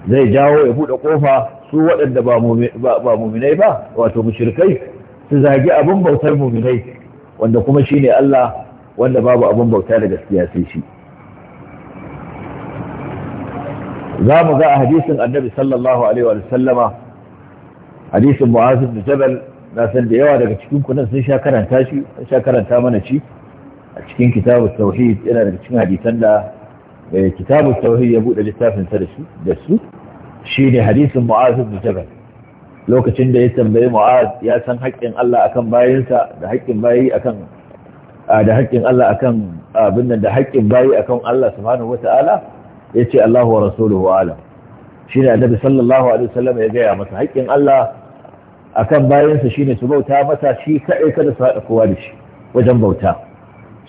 zai jawo ya buɗe kofa su waɗanda ba muminai ba wato mushrikai su zagi abin bautar muminai wanda kuma shine Allah wanda babu abin bauta da gaskiya sai shi za mu ga a hadisin annabi sallallahu alaihi wa sallama hadisin mu'az ibn jabal na san da yawa daga cikin ku nan sun sha karanta shi sun mana shi a cikin kitabu tauhid yana daga cikin hadisan da eh, kitabu tauhid ya buɗe littafin sa da shi ne hadisin mu'az ibn jabal lokacin da ya tambayi mu'az ya san haƙƙin Allah akan bayinsa da haƙƙin bayi akan da haƙƙin Allah akan abin nan da haƙƙin bayi akan Allah subhanahu wata'ala ya ce Allahu wa rasuluhu alam shi ne annabi sallallahu alaihi wasallam ya gaya masa haƙƙin Allah akan bayansa shine su bauta mata shi kaɗai kada su haɗa kowa da shi wajen bauta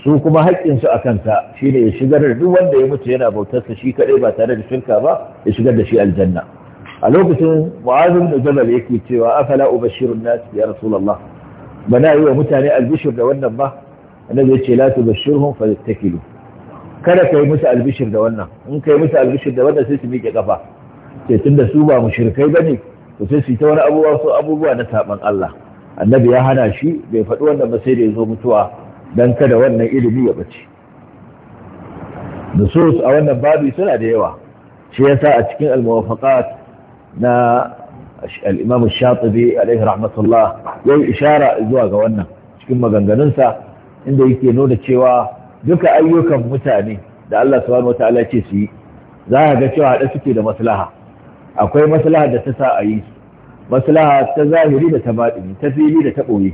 su kuma haƙƙinsu a kanta ne ya shigar da duk wanda ya mutu yana bautarsa shi kaɗai ba tare da shirka ba ya shigar da shi aljanna a lokacin mu'azin da jabal yake cewa afala ubashirun nas ya rasulullah bana yi wa mutane albishir da wannan ba annabi ya ce la tubashirhum fayattakilu kada ka yi musu albishir da wannan in ka yi musu albishir da wannan sai su miƙe kafa sai da su ba mushrikai bane to sai su yi ta wani abubuwa su abubuwa na saban Allah annabi ya hana shi bai faɗi wannan ba sai da ya zo mutuwa dan kada wannan ilimi ya bace nusus a wannan babi suna da yawa shi yasa a cikin al-muwafaqat na al-imam ash-shatibi alaihi rahmatullah yau ishara zuwa ga wannan cikin maganganunsa inda yake nuna cewa duka ayyukan mutane da Allah subhanahu wataala ce su yi za a ga cewa haɗe suke da maslaha akwai maslaha da ta sa a yi maslaha ta zahiri da ta baɗini ta fili da ta ɓoye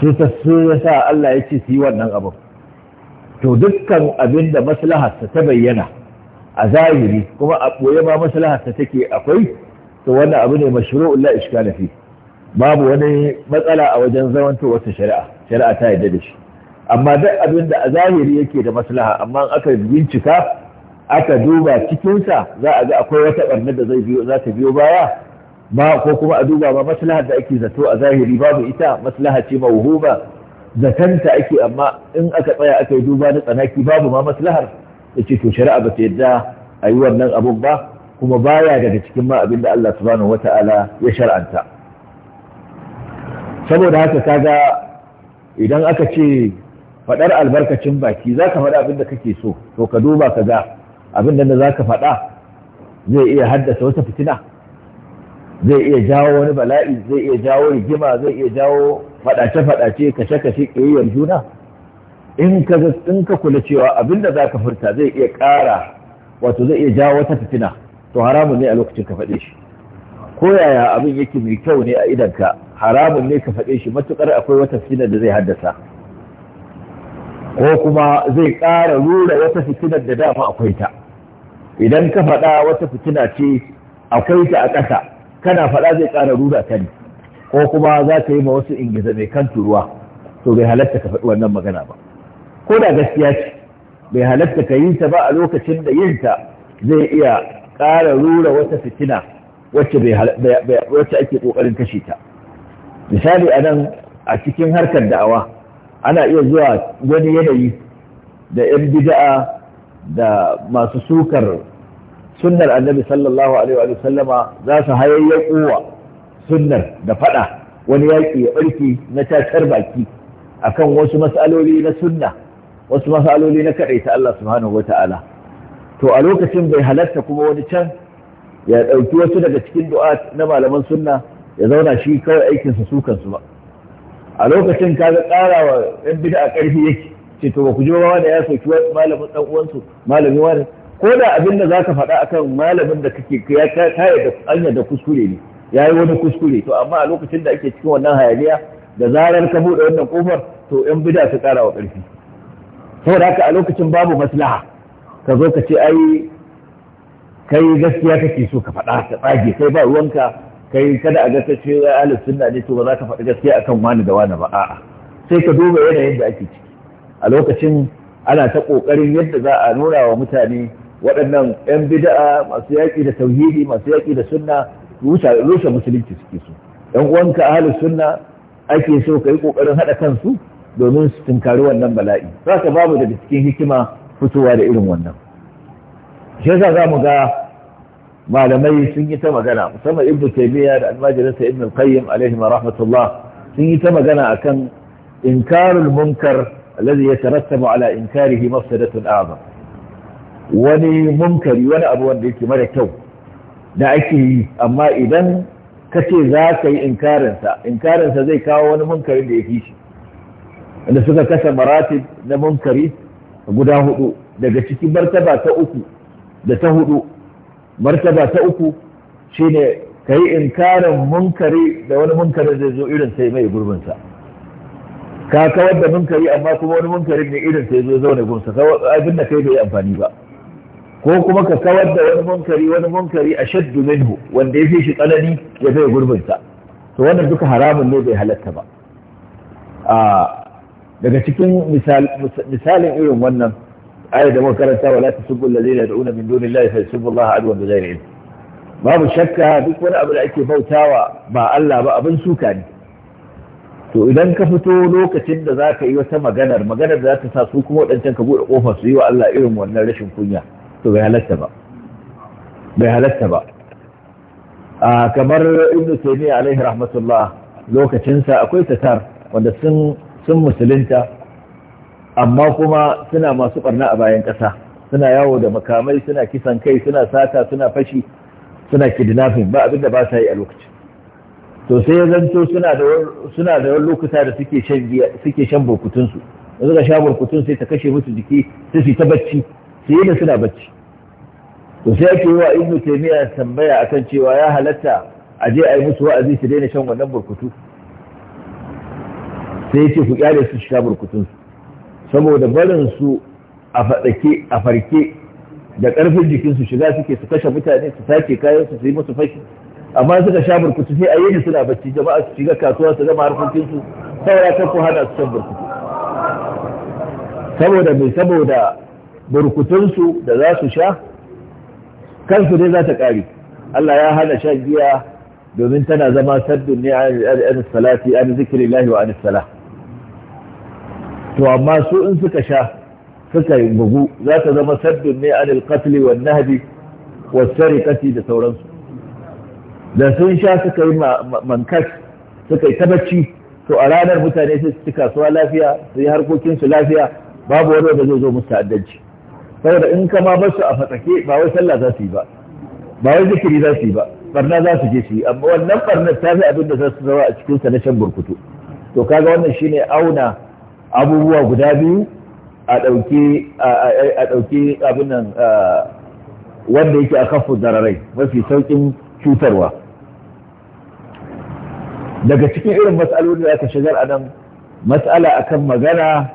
su ta su ya sa Allah ya ce su yi wannan abin to dukkan abin da ta bayyana a zahiri kuma a ɓoye ma maslahasta ta take akwai to wannan abu ne mashru'ul la iskala fi babu wani matsala a wajen zamanto ta shari'a shari'a ta yadda da shi amma duk abin da a zahiri yake da maslaha amma aka bincika aka duba cikinsa za a ga akwai wata barnar da zai za ta biyo baya ba ko kuma a duba ba maslahar da ake zato a zahiri babu ita maslaha ce mawhuba zatanta ake amma in aka tsaya aka yi duba na tsanaki babu ma maslahar da ce to shari'a ba ta yadda a yi wannan abun ba kuma baya daga cikin ma abin da Allah subhanahu wata'ala ya shar'anta saboda haka kaga idan aka ce faɗar albarkacin baki za ka faɗa abin da kake so to ka duba ka ga abin da za ka faɗa zai iya haddasa wata fitina zai iya jawo wani bala'i zai iya jawo rigima zai iya jawo faɗace-faɗace kashe-kashe ƙiyayyar juna in ka in ka kula cewa abin da za ka furta zai iya ƙara wato zai iya jawo wata fitina to haramun ne a lokacin ka faɗe shi ko yaya abin yake mai kyau ne a idanka haramun ne ka faɗe shi matuƙar akwai wata fitina da zai haddasa ko kuma zai ƙara rura wata fitinar da dama akwai ta idan ka faɗa wata fitina ce akwai ta a ƙasa kana faɗa zai ƙara rura ta ne ko kuma za ka yi ma wasu ingiza mai kan turuwa to bai halatta ka faɗi wannan magana ba ko da gaskiya ce bai halatta ka yi ta ba a lokacin da yin ta zai iya ƙara rura wata fitina wacce ake ƙoƙarin kashe ta misali a nan a cikin harkar da'awa ana iya zuwa wani yanayi da ‘yan bida'a da masu sukar sunnar annabi sallallahu alaihi wa sallama za su hayayyakowa sunnar da fada wani yaƙi ya ɓarki na tatar baki akan wasu mas'aloli na sunna wasu mas'aloli na kaɗai ta Allah subhanahu wa ta'ala to a lokacin bai halarta kuma wani can ya ɗauki wasu daga cikin du'a na malaman sunna ya zauna shi kawai aikinsa su ba a lokacin ka ga yan wa ɗan bida a ƙarfi yake ce to ba ku ji wani ya soki malamin ɗan uwansu malamin wani ko da abin da za ka faɗa akan malamin da kake ya da hanyar da kuskure ne ya yi wani kuskure to amma a lokacin da ake cikin wannan hayaniya da zarar ka buɗe wannan kofar to yan bida su ƙara wa ƙarfi saboda haka a lokacin babu maslaha ka zo ka ce ai kai gaskiya kake so ka faɗa ka tsage kai ba ruwanka kai kada a ga ta ce ya ahlus sunna ne to ba za ka faɗi gaskiya akan wani da wani ba a'a sai ka duba yanayin da ake ciki a lokacin ana ta kokarin yadda za a nuna wa mutane waɗannan yan bid'a masu yaƙi da tauhidi masu yaƙi da sunna rusa musulunci suke so yan uwanka ahlus sunna ake so kai kokarin hada kansu domin su tunkari wannan bala'i za ka babu da cikin hikima fitowa da irin wannan shi yasa za mu ga malamai sun yi ta magana musamman ibnu taymiya da almajirinsa ibnu al-qayyim alaihi rahmatullah sun yi ta magana akan inkarul munkar alladhi yatarattabu ala inkarihi mafsadatun a'zam wani munkari wani abu wanda yake mara kyau da ake yi amma idan ka ce za ka yi inkarinsa inkarinsa zai kawo wani munkarin da ya fi shi wanda suka kasa maratib na munkari guda hudu daga ciki martaba ta uku da ta hudu martaba ta uku shine ka yi inkarin munkari da wani munkari zai zo irin sai mai gurbinsa ka kawar da munkari amma kuma wani munkari ne irin sai zo zaune gunsa abin da kai bai amfani ba ko kuma ka kawar da wani munkari wani munkari a shaddu minhu wanda ya fi shi tsanani ya zai gurbinsa to wannan duka haramun ne bai halatta ba ah, daga cikin misalin irin wannan ayat da muka karanta wala tasubbu allazina yad'una min dunillahi fa yasubbu Allah adwan bi ghairi ilm babu shakka duk wani abu da ake bautawa ba Allah ba abin suka ne to idan ka fito lokacin da zaka yi wata maganar maganar da za ta sa su kuma waɗancan ka buɗe kofar su yi wa Allah irin wannan rashin kunya to bai halatta ba bai halatta ba a kamar ibnu taymiya alaihi rahmatullah lokacinsa akwai tatar wanda sun sun musulunta amma kuma suna masu barna a bayan ƙasa suna yawo da makamai suna kisan kai suna sata suna fashi suna kidnapping ba abinda ba sa yi a lokaci to sai ya zanto suna da suna da wani lokuta da suke shan suke shan suka su yanzu ga sha burkutun sai ta kashe musu jiki sai su ta bacci sai yana suna bacci to sai ake yi wa ibnu taymiya tambaya akan cewa ya halatta a je a yi musu wa'azi su daina shan wannan burkutu sai ya ce ku kyale su shiga burkutunsu. su saboda barin su a faɗake a farke da ƙarfin jikinsu shiga suke su kashe mutane su sake kayan su yi musu fashi amma suka sha burkutu sai a yi suna bacci jama'a su shiga kasuwa su gama harkokinsu saura ta ku hana su shan burkutu saboda mai saboda burkutunsu da za su sha kansu dai za ta ƙare Allah ya hana shan giya domin tana zama saddun ne an salati an zikirillahi wa an salah to amma su in suka sha suka bugu za ta zama sabbin ne anil qatl wan nahbi was sariqati da sauransu da sun sha suka yi mankas suka yi tabacci to a ranar mutane su ci kasuwa lafiya su yi harkokinsu lafiya babu wani zai zo musu ta'addanci saboda in ka ma basu a fatsake ba wai sallah za su yi ba ba wai zikiri za su yi ba barna za su je su yi amma wannan barnar ta fi abin da za su zama a cikinsa na shan burkutu to kaga wannan shine auna abubuwa guda biyu a ɗauki abinan wanda yake a kafin zararai mafi sauƙin cutarwa daga cikin irin matsaloli da aka shigar a nan matsala akan magana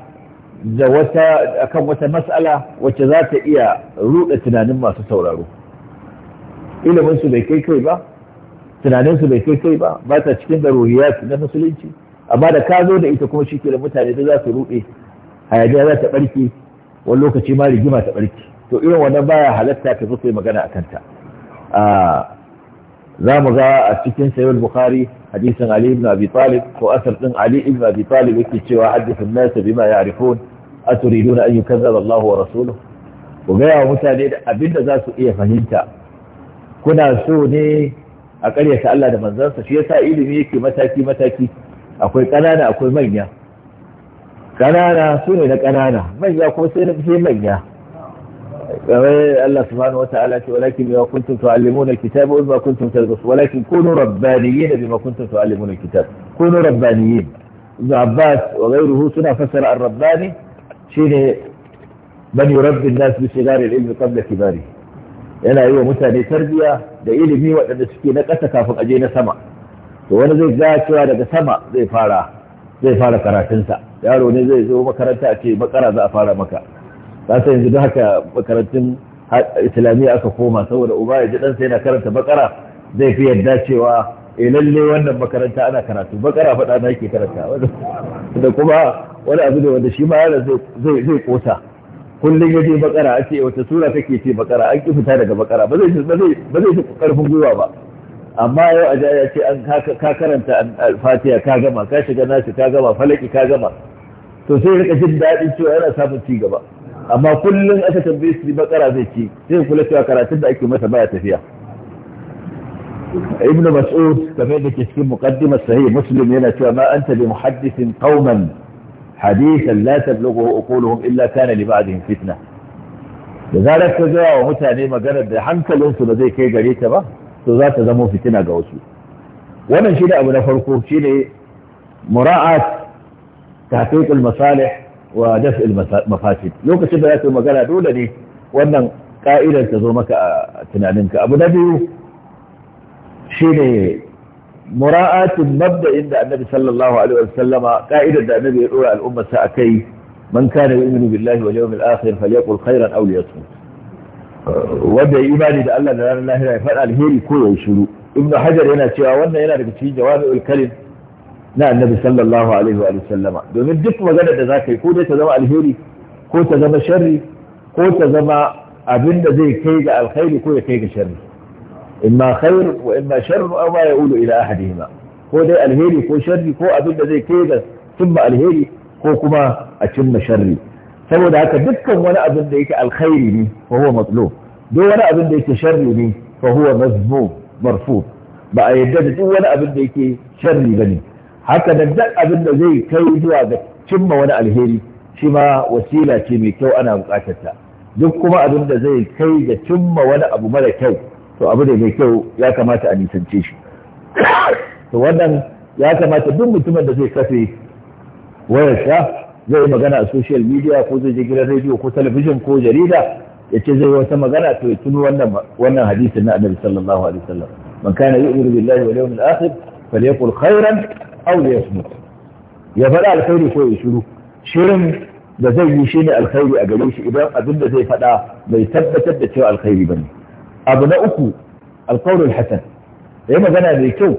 da wata akan wata matsala wacce za ta iya ruɗa tunanin masu sauraro iliminsu bai kai kai ba tunaninsu bai kai kai ba ba ta cikin da na musulunci amma da ka zo da ita kuma shi ke da mutane da za su ruɗe hayaniya za ta ɓarke wani lokaci ma rigima ta ɓarke to irin wannan baya halatta ta zo kai magana a kanta za mu ga a cikin sayyid bukhari hadisin ali ibn abi talib ko asar din ali ibn abi talib yake cewa hadithun nasu bima ya'rifun aturiduna Ayyukan, yukazzaba Allah wa rasuluhu ku gaya wa mutane da abinda za su iya fahimta kuna so ne a ƙaryata Allah da manzansa shi yasa ilimi yake mataki mataki akwai ƙanana akwai manya ƙanana su ne na ƙanana manya kuma sai na fi manya kamar Allah subhanahu wa ta'ala ce walakin bima kuntum tu'allimuna kitaba wa bima kuntum tadrusun walakin kunu rabbaniyyin bima kuntum tu'allimuna kitab kunu rabbaniyyin Ibn Abbas wa ghayruhu suna fassara ar-rabbani shine man yurabbi an-nas bi sigar al-ilm qabla kibari yana yi wa mutane tarbiya da ilimi waɗanda suke na ƙasa kafin aje na sama to wani zai ga cewa daga sama zai fara zai fara karatunsa yaro ne zai zo makaranta a ce makara za a fara maka za ta yanzu haka makarantun islamiyya aka koma saboda uba ya ji ɗansa yana karanta bakara zai fi yadda cewa e lalle wannan makaranta ana karatu bakara faɗa na yake karanta da kuma wani abu ne wanda shi ma yana zai kosa kullum ya je bakara a ce wata sura take ce bakara an ki fita daga bakara ba zai ba zai ba zai karfin gwiwa ba amma yau a jaya ce an ka karanta alfatiya ka gama ka shiga nasu ka gama falaki ka gama to sai rika jin daɗin cewa yana samun ci gaba amma kullum aka tambaye su bakara zai ci sai kula cewa karatun da ake masa baya tafiya ibnu mas'ud kamar da ke cikin mukaddimar sahih muslim yana cewa ma anta bi muhaddithin qauman hadithan la tablughu uquluhum illa kana li ba'dihim fitna da zarar ka zo wa mutane maganar da hankalinsu ba zai kai gare ta ba to za ta zama fitina ga wasu wannan shi ne abu na farko shi ne mura'at tafiqul masalih wa daf'il mafasid lokacin da za zaka magana dole ne wannan ka'idar ta zo maka a tunaninka abu na biyu shi ne mura'atun mabda'in da annabi sallallahu alaihi wasallama ka'idar da annabi ya dora al'ummarsa akai man kana yu'minu billahi wal yawmil akhir falyaqul khairan aw liyasmut wanda ya imani da Allah da ranar lahira ya faɗa alheri ko ya shiru ibn hajar yana cewa wannan yana daga cikin jawabi kalim na annabi sallallahu alaihi wa sallama domin duk magana da za ka yi ko dai ta zama alheri ko ta zama sharri ko ta zama abin da zai kai ga alkhairi ko ya kai ga sharri imma khair wa imma sharr aw ma yaqulu ila ahadihima ko dai alheri ko sharri ko abin da zai kai ga cimma alheri ko kuma a cimma sharri saboda haka dukkan wani abin da yake alkhairi ne fa huwa matlub duk wani abin da yake sharri ne fa huwa mazmum ba a yadda da duk wani abin da yake sharri bane haka da duk abin da zai kai zuwa ga cimma wani alheri shi ma wasila ce mai kyau ana bukatar ta duk kuma abin da zai kai ga cimma wani abu mara kyau to abu da mai kyau ya kamata a nisance shi to wannan ya kamata duk mutumin da zai kafe wayarsa. zai yi magana a social media ko zai je gidan rediyo ko talabijin ko jarida ya ce zai wata magana to ya tuno wannan hadisin na annabi sallallahu alaihi wasallam man kana yu'minu billahi wal yawmil akhir falyaqul khairan aw liyasmut ya faɗa alkhairi ko ya shiru shirin da zai yi shine alkhairi a gare shi idan abin da zai faɗa bai tabbatar da cewa alkhairi bane abu na uku alqaulul hasan yayi magana mai kyau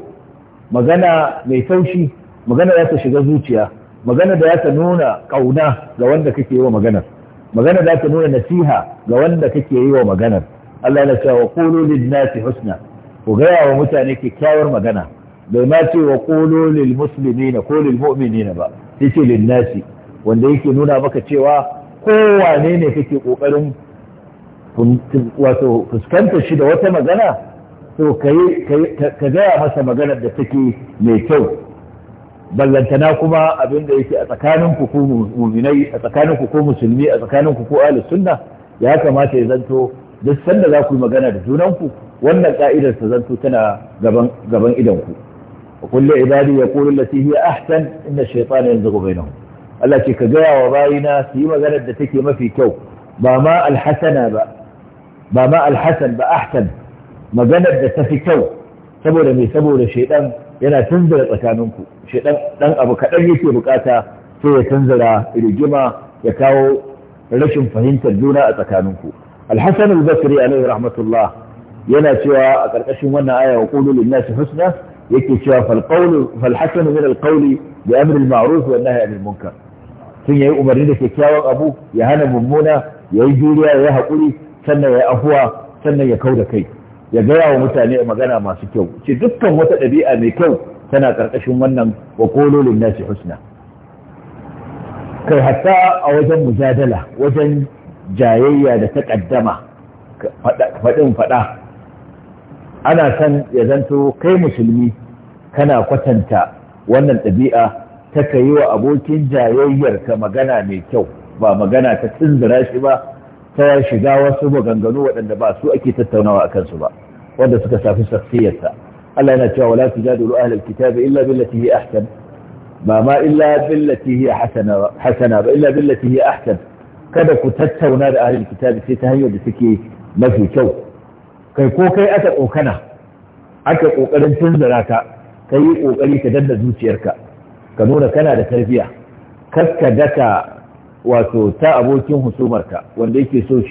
magana mai taushi magana za ta shiga zuciya magana da ta nuna kauna ga wanda kake yi wa maganar magana da ta nuna nasiha ga wanda kake yi wa maganar Allah ya ce wa qulu lin nasi husna ku gaya wa mutane kyakkyawar magana bai ma ce wa qulu lil muslimina ko lil mu'minina ba sai ce nasi wanda yake nuna maka cewa kowane ne kake kokarin wato fuskantar shi da wata magana to ka gaya masa maganar da take mai kyau ballantana kuma abin da yake a tsakanin ku ku mu'minai a tsakanin ku ku musulmi a tsakanin ku ku ahlus sunna ya kamata ya zanto duk sanda za ku yi magana da junan ku wannan ka'idar ta zanto tana gaban gaban idan ku wa kullu ibadi yaqulu allati hiya ahsan inna shaytana yanzaghu bainahum Allah ce ka gaya wa bayina su yi maganar da take mafi kyau ba ma alhasana ba ba ma alhasan ba ahsan maganar da ta fi kyau saboda me saboda shaidan yana tanzara tsakaninku shi ɗan abu kaɗan yake bukata sai ya tanzara rigima ya kawo rashin fahimtar juna a tsakaninku alhassan al-basri alaihi rahmatullah yana cewa a ƙarƙashin wannan aya wa qulu lin nasi husna yake cewa fal qawlu fal hasanu min al qawli bi amri al ma'ruf wa nahyi anil munkar yayi umarni da kyakkyawan abu ya hana mummuna yayi juriya yayi hakuri sannan yayi afuwa sannan ya da kai ya gaya wa mutane magana masu kyau ce dukkan wata ɗabi'a mai kyau tana ƙarƙashin wannan wa kololin nasi husna kai hatta a wajen mujadala wajen jayayya da ta ƙaddama faɗin faɗa ana san ya zanto kai musulmi kana kwatanta wannan ɗabi'a ta ka yi wa abokin jayayyarka magana mai kyau ba magana ta tunzura shi ba ta shiga wasu maganganu waɗanda ba su ake tattaunawa a kansu ba wanda suka shafi shakhsiyarsa Allah yana cewa wala tujadilu ahlal kitabi illa billati hi ahsan ba ma illa billati hi hasana hasana ba illa billati hi ahsan kada ku tattauna da ahlul kitabi sai ta hanyar da suke mafi kyau kai ko kai aka kokana aka kokarin tunzura ka kai kokari ka danna zuciyarka ka nuna kana da tarbiya kaska daka wato ta abokin husumarka wanda yake so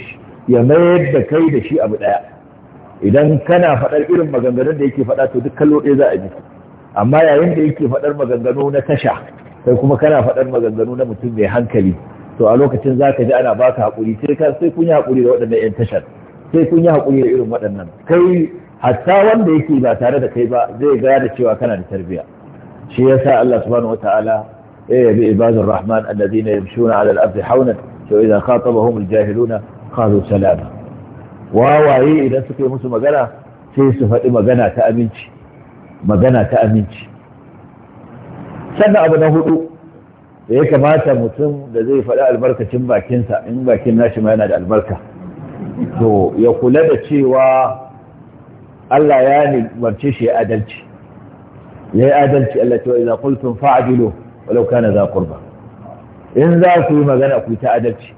ya mayar da kai da shi abu daya idan kana faɗar irin maganganun da yake faɗa to duk kallo ɗaya za a ji amma yayin da yake faɗar maganganu na tasha sai kuma kana faɗar maganganu na mutum mai hankali to a lokacin za ka ji ana baka haƙuri sai kun yi haƙuri da waɗannan 'yan tashar sai kun yi haƙuri da irin waɗannan kai hatta wanda yake ba tare da kai ba zai da cewa kana da tarbiyya shi yasa Allah subhanahu wataala إيه بعباد الرحمن الذين يمشون على الأرض حونا وإذا خاطبهم الجاهلون قالوا سلاما wawaye idan suka yi musu magana sai su faɗi magana ta aminci sannan abu na hudu da ya kamata mutum da zai faɗi albarkacin bakinsa in bakin nashi ma yana da albarka to ya kula da cewa Allah ya nimarce shi ya adalci ya yi adalci Allah ta wa iza qultum fa'dilu walau kana za qurba in za ku yi magana ku yi ta adalci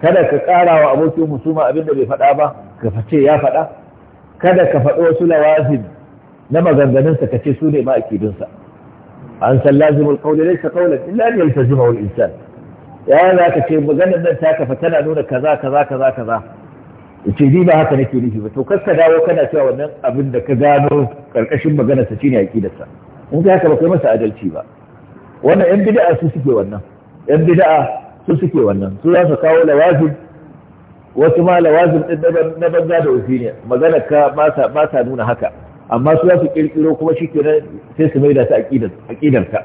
kada ka ƙara wa abokin musuma abin da bai faɗa ba ka face ya faɗa kada ka faɗi wasu lawazim na maganganunsa ka ce su ne ma'akidinsa an san lazimul qawli laysa qawlan illa an yaltazimahu al-insan ya za ka ce maganar nan ta kafa tana nuna kaza kaza kaza kaza ce ba haka nake nufi ba to kar ka dawo kana cewa wannan abin da ka gano karkashin maganarsa shine aqidarsa in ka haka ba kai masa adalci ba wannan yan bid'a su suke wannan yan bid'a su suke wannan su za su kawo lawazim wasu ma lawazim din na banza da wasu ne magana ka ba ta nuna haka amma su za su kirkiro kuma shi ke sai su mai da ta aƙidar ka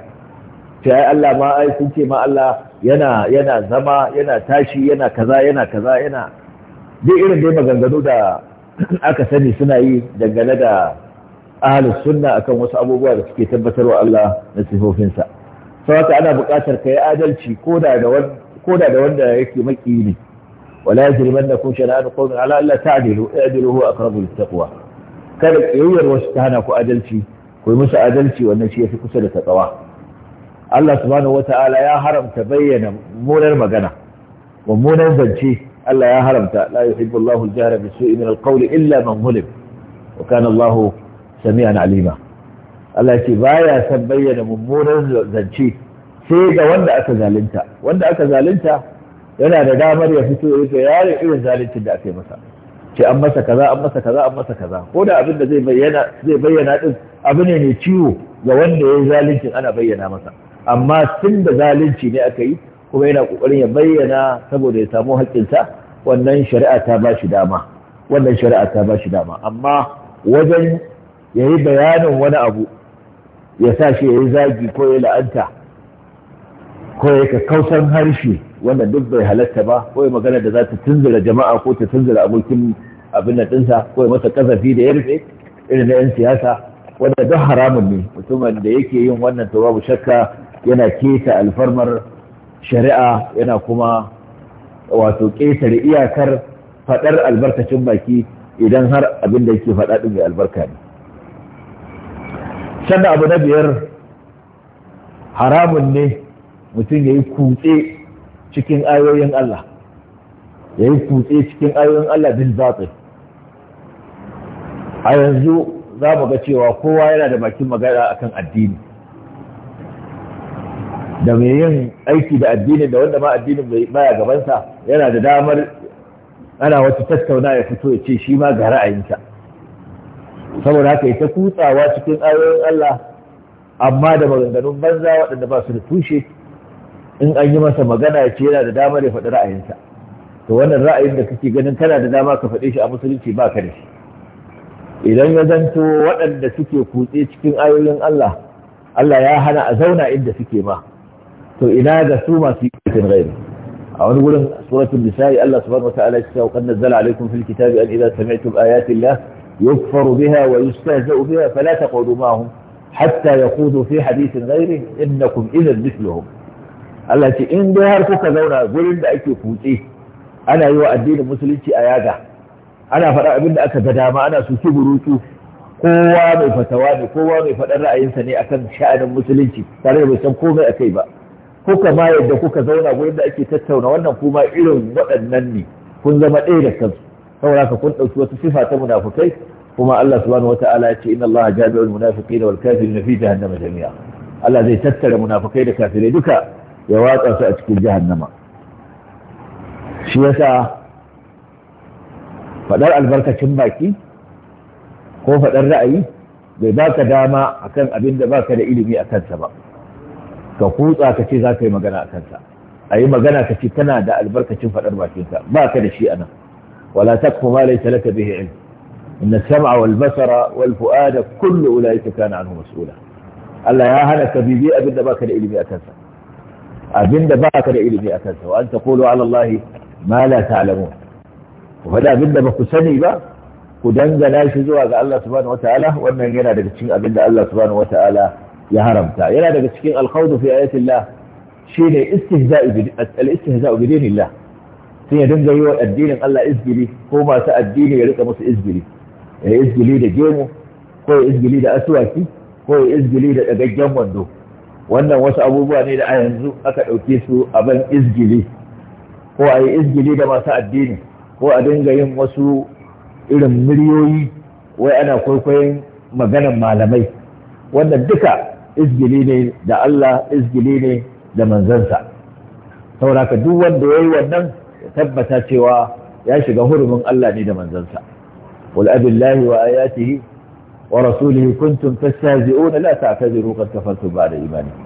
ce ai Allah ma ai sun ce ma Allah yana yana zama yana tashi yana kaza yana kaza yana duk irin dai maganganu da aka sani suna yi dangane da ahlus sunna akan wasu abubuwa da suke tabbatarwa Allah na sifofinsa saboda ana buƙatar yi adalci koda da wanda da wanda yake maki ne wala yajrimannakum shana'an qawmin ala alla ta'dilu i'dilu huwa aqrabu lit kada kiyayyar wasu ta hana ku adalci ku yi musu adalci wannan shi yafi kusa da taqwa Allah subhanahu wata'ala ya haramta bayyana munar magana Mummunar zance Allah ya haramta la yuhibbu Allahu al-jahra sui min al-qawli illa man zulim sami'an alima Allah ce baya san bayyana mummunan zance sai ga wanda aka zalinta. wanda aka zalunta yana da damar ya fito ya ce ya rin irin zalincin da aka yi masa ce an masa kaza an masa kaza an masa kaza ko da abin da zai bayyana zai bayyana din abu ne mai ciwo ga wanda ya yi zalincin ana bayyana masa amma tun da zalunci ne aka yi kuma yana kokarin ya bayyana saboda ya samu haƙƙinsa wannan shari'a ta ba shi dama wannan shari'a ta ba shi dama amma wajen ya yi bayanin wani abu ya sa shi ya yi zagi ko ya la'anta ko ya ka kausan harshe wanda duk bai halatta ba ko ya magana da za ta tunzura jama'a ko ta tunzura abokin abin da ɗinsa ko ya masa kasafi da ya rufe irin na 'yan siyasa wanda duk haramun ne mutumin da yake yin wannan to babu shakka yana keta alfarmar shari'a yana kuma wato ƙetare iyakar faɗar albarkacin baki idan har abin da yake faɗa ɗin mai albarka ne sannan abu na biyar haramun ne mutum ya yi kutse cikin ayoyin Allah ya yi kutse cikin ayoyin Allah bin batil a yanzu za mu ga cewa kowa yana da bakin magana akan addini da mai yin aiki da addinin da wanda ma addinin baya gabansa yana da damar ana wata tattauna ya fito ya ce shi ma ga ra'ayinsa saboda haka ita kutsawa cikin ayoyin Allah amma da maganganun banza waɗanda ba su da tushe in an yi masa magana ce yana da damar ya faɗi ra'ayinsa to wannan ra'ayin da kake ganin kana da dama ka faɗe shi a musulunci ba ka da shi idan ya zanto waɗanda suke kutse cikin ayoyin Allah Allah ya hana a zauna inda suke ma to ina ga su masu yakin gairu a wani wurin suratul nisa'i Allah subhanahu wataala ya ce wa qad nazzala alaykum fil kitabi an idza sami'tum ayati Allah يكفر بها ويستهزأ بها فلا تقعدوا معهم حتى يقودوا في حديث غيره إنكم إذا مثلهم Allah ce in dai har kuka zauna gurin da ake kutse ana yi wa addinin musulunci a yaga ana faɗa abinda aka ga dama ana suki burutu kowa mai fatawa ne kowa mai faɗar ra'ayinsa ne akan sha'anin musulunci tare bai san komai akai ba kuka ma yadda kuka zauna gurin da ake tattauna wannan kuma irin waɗannan ne kun zama ɗaya da kansu saboda ka kun ɗauki wata sifa ta munafukai kuma Allah subhanahu wataala ya ce inna Allah jami'ul munafiqina wal kafirina fi jahannama jami'a Allah zai tattara munafikai da kafirai duka ya watsa su a cikin jahannama shi yasa fadar albarkacin baki ko fadar ra'ayi bai baka dama akan abin da baka da ilimi a kansa ba ka kutsa ka ce za ka yi magana a kansa a yi magana ka ce kana da albarkacin faɗar bakinka ba ka da shi a nan ولا تكف ما ليس لك به علم إن السمع والبصر والفؤاد كل أولئك كان عنه مسؤولا Allah ya hana ka bibi abinda baka da ilimi a kansa abinda baka da ilimi a kansa wa an taqulu ala Allah ma abinda ba ku sani ba ku dangana shi zuwa ga Allah subhanahu wataala wannan yana daga cikin abinda Allah subhanahu wataala ya haramta yana daga cikin alqawdu fi al-istihza'u Sun ya dinga yi wa addinin Allah izgili ko masu addini ya rika musu izgili ya yi izgili da gemu ko ya izgili da asuwaki ko ya izgili da dagaggen wando wannan wasu abubuwa ne da a yanzu aka ɗauke su a ban izgili ko a yi izgili da masu addini ko a dinga yin wasu irin miliyoyi wai ana kwaikwayon maganan malamai wannan duka izgili ne da Allah izgili ne da manzansa saboda duk wanda ya yi wannan tabbata cewa ya shiga hurumin Allah ne da manzansa wal abillahi wa ayatihi wa rasulihi kuntum tastahzi'una la ta'tadiru qad kafartum ba'da imanikum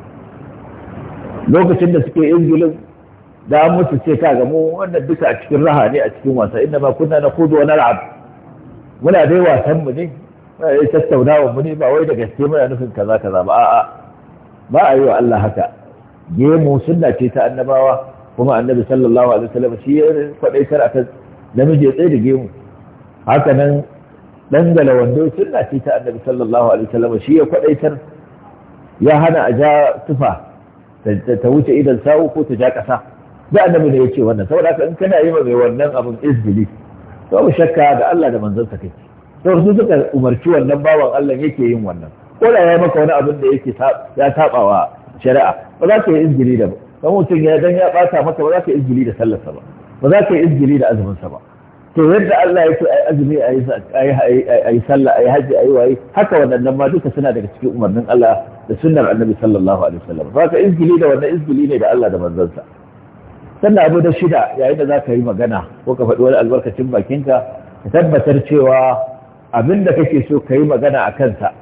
lokacin da suke injilin da an musu ce kaga gamu wannan duka a cikin raha ne a cikin wasa inda ba kunna na kudu wani muna dai wasan mu ne muna dai tattaunawa mu ne ba wai da gaske muna nufin kaza kaza ba a'a ba a yi wa Allah haka gemu sunna ce ta annabawa kuma annabi sallallahu alaihi wasallam shi ya faɗai shar'ata namiji ya tsaye da gemu haka nan gala wando sunna ce ta annabi sallallahu alaihi wasallam shi ya faɗai sar ya hana a ja tufa ta wuce idan sawu ko ta ja ƙasa da annabi ne ya ce wannan saboda haka in kana yi mai wannan abin izbili babu shakka da Allah da manzansa kai to su suka umarci wannan bawan Allah yake yin wannan ko da ya maka wani abin da yake ya saba wa shari'a ba za ka yi izgili da dan mutum ya dan ya bata maka ba za ka izgili da sallarsa ba ba za ka yi izgili da azuminsa ba to yadda Allah ya ce ai azumi ai sallah ai haji ai waye haka waɗannan ma duka suna daga cikin umarnin Allah da sunnar annabi sallallahu alaihi wasallam ba ka izgili da wannan izgili ne da Allah da manzansa sannan abu da shida yayin da za ka yi magana ko ka faɗi wani albarkacin bakinka ka tabbatar cewa abin da kake so ka yi magana a kansa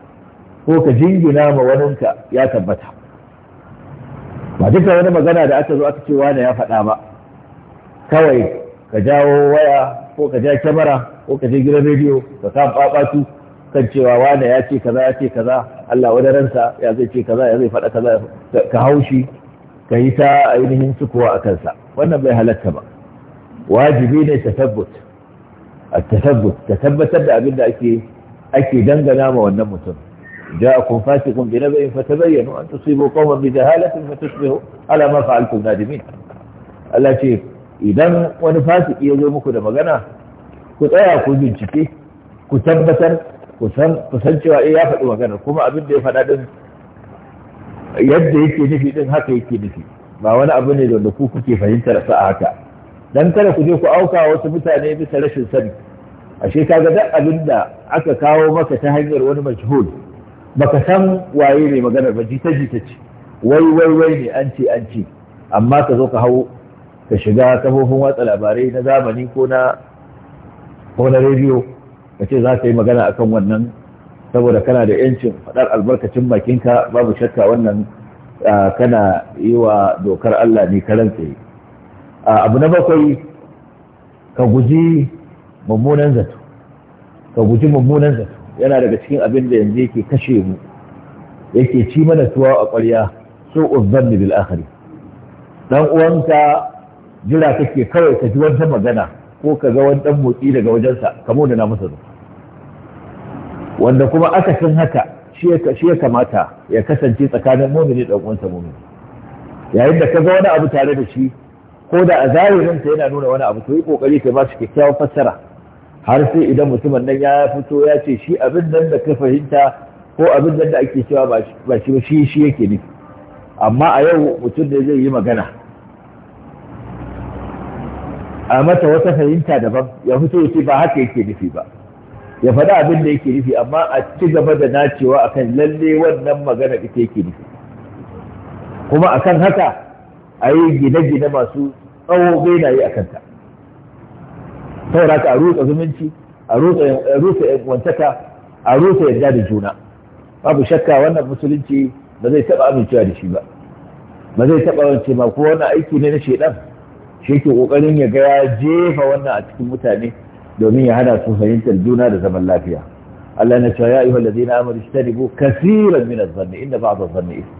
ko ka jingina ma ka, ya tabbata ba duka wani magana da aka zo aka ce wani ya faɗa ba kawai ka jawo waya ko ka ja kyamara ko ka je gidan rediyo ka sa babatu kan cewa wani ya ce kaza ya ce kaza Allah wani ransa ya zai ce kaza ya zai faɗa kaza ka haushi ka yi ta ainihin sukuwa a kansa wannan bai halatta ba wajibi ne tasabbut a tasabbut ka tabbatar da abin da ake ake dangana ma wannan mutum جاءكم فاسق بنبأ فتبينوا أن تصيبوا قوما بجهالة فتصبحوا على ما فعلتم نادمين Allah ce idan wani fasiki ya zo muku da magana ku tsaya ku bincike ku tabbatar ku cewa ya faɗi maganar kuma abin ya faɗa din yadda yake nufi ɗin haka yake nufi ba wani abu ne da ku kuke fahimtar sa haka dan kada ku je ku auka wasu mutane bisa rashin sani ashe kaga duk abin da aka kawo maka ta hanyar wani majhul baka san waye mai maganar ba jita jita ce wai wai wai ne an ce an ce amma ka zo ka hau ka shiga kafofin watsa labarai na zamani ko na ko na rediyo ka ce za ka yi magana akan wannan saboda kana da yancin faɗar albarkacin bakinka babu shakka wannan kana yi wa dokar Allah ne karan tsaye abu na bakwai ka guji mummunan zato ka guji mummunan zato yana daga cikin abin da yanzu yake kashe mu yake ci mana tuwa a ƙwarya so uzzanni bil akhari dan uwanka jira kake kawai ka ji wata magana ko ka ga wani dan motsi daga wajensa kamo da na masa wanda kuma akasin haka shi ya kamata ya kasance tsakanin mumini da uwansa mumini yayin da ka ga wani abu tare da shi ko da a ta yana nuna wani abu to yi kokari ka ba shi kyakkyawan fassara har sai idan mutumin nan ya fito ya ce shi abin nan da ka fahimta ko abin nan da ake cewa ba shi shi shi yake ne amma a yau mutum ne zai yi magana a mata wata fahimta daban ya fito ya ce ba haka yake nufi ba ya faɗa abin da yake nufi amma a ci gaba da nacewa akan lalle wannan magana ita yake nufi kuma a kan haka a yi gine-gine masu tsawo bai na yi a kanta. saboda ka a rutsa zumunci a rutsa wantaka a rutsa yadda da juna babu shakka wannan musulunci ba zai taba amincewa da shi ba ba zai taba wance ba ko wannan aiki ne na shedan shi yake kokarin ya ga ya jefa wannan a cikin mutane domin ya hana su fahimtar juna da zaman lafiya Allah na cewa ya ayyuhal ladina amanu istaribu kaseeran min adh-dhanni inna ba'd adh-dhanni ithm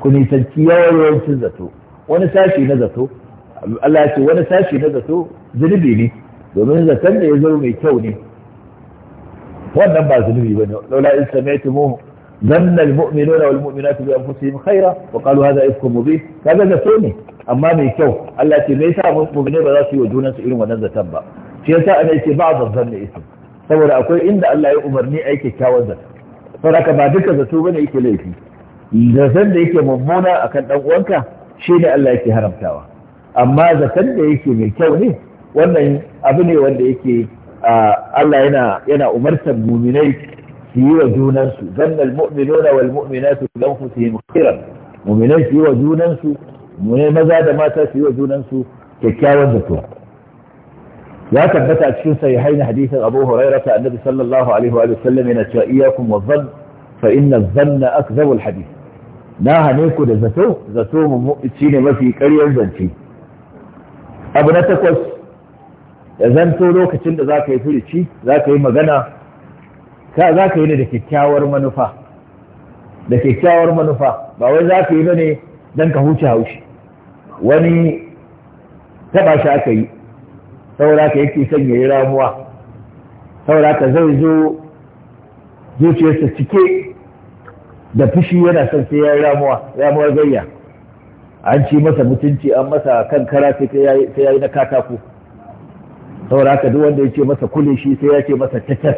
ku nisanci yawancin zato wani sashi na zato Allah ya ce wani sashi na zato zunubi ne domin zaton da ya zo mai kyau ne wannan ba zunubi bane laula in sami'tumuhu zanna almu'minuna wal mu'minatu bi anfusihim khaira wa qalu hadha ifkum mubin kaga zato ne amma mai kyau Allah ce me yasa mu'mini ba za su yi wa junan su irin wannan zaton ba shi yasa ana ba ba'd zanna ism saboda akwai inda Allah ya umarni ai kyakkyawan zato saboda ba duka zato bane yake laifi zaton da yake mummuna akan dan uwanka shi ne Allah yake haramtawa amma zaton da yake mai kyau ne wannan abu ne wanda yake Allah yana yana umartar muminai su yi wa junansu zannal mu'minuna wal mu'minatu bi anfusihim khairan muminai su yi wa junansu mune maza da mata su yi wa junansu kyakkyawan zato ya tabbata a cikin sahihain hadisin Abu Hurairah ta Annabi sallallahu alaihi wa sallam yana cewa iyyakum wa zan fa inna zanna akdhabu al hadith na hane ku da zato zato mu shine mafi ƙaryar zance abu na takwas ya zanto lokacin da za ka yi furici za ka yi magana za ka yi ne da kyakkyawar manufa da kyakkyawar manufa ba wai za ka yi ne don ka huce haushi wani taɓa shi aka yi saboda ka yake son ya yi ramuwa saboda ka zai zo zuciyarsa cike da fushi yana son sai ya yi ramuwa ramuwar gayya an ci masa mutunci an masa kan kara sai ya yi na katako saboda haka duk wanda ya ce masa kule shi sai ya ce masa takas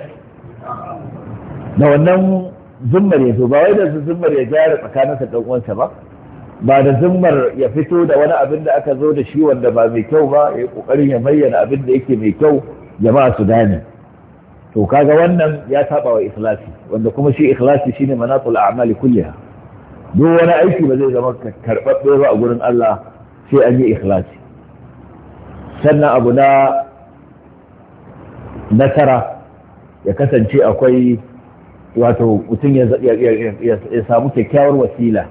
da wannan zummar ya zo ba wai da zummar ya gyara tsakaninsa dan uwansa ba ba da zummar ya fito da wani abin da aka zo da shi wanda ba mai kyau ba ya kokarin ya bayyana abin da yake mai kyau jama'a su gane to kaga wannan ya saba wa ikhlasi wanda kuma shi ikhlasi shine manatul a'mali kulliha duk wani aiki ba zai zama karɓaɓɓe ba a gurin Allah sai an yi ikhlasi sannan abu na nasara ya kasance akwai wato mutum ya samu kyakkyawar wasila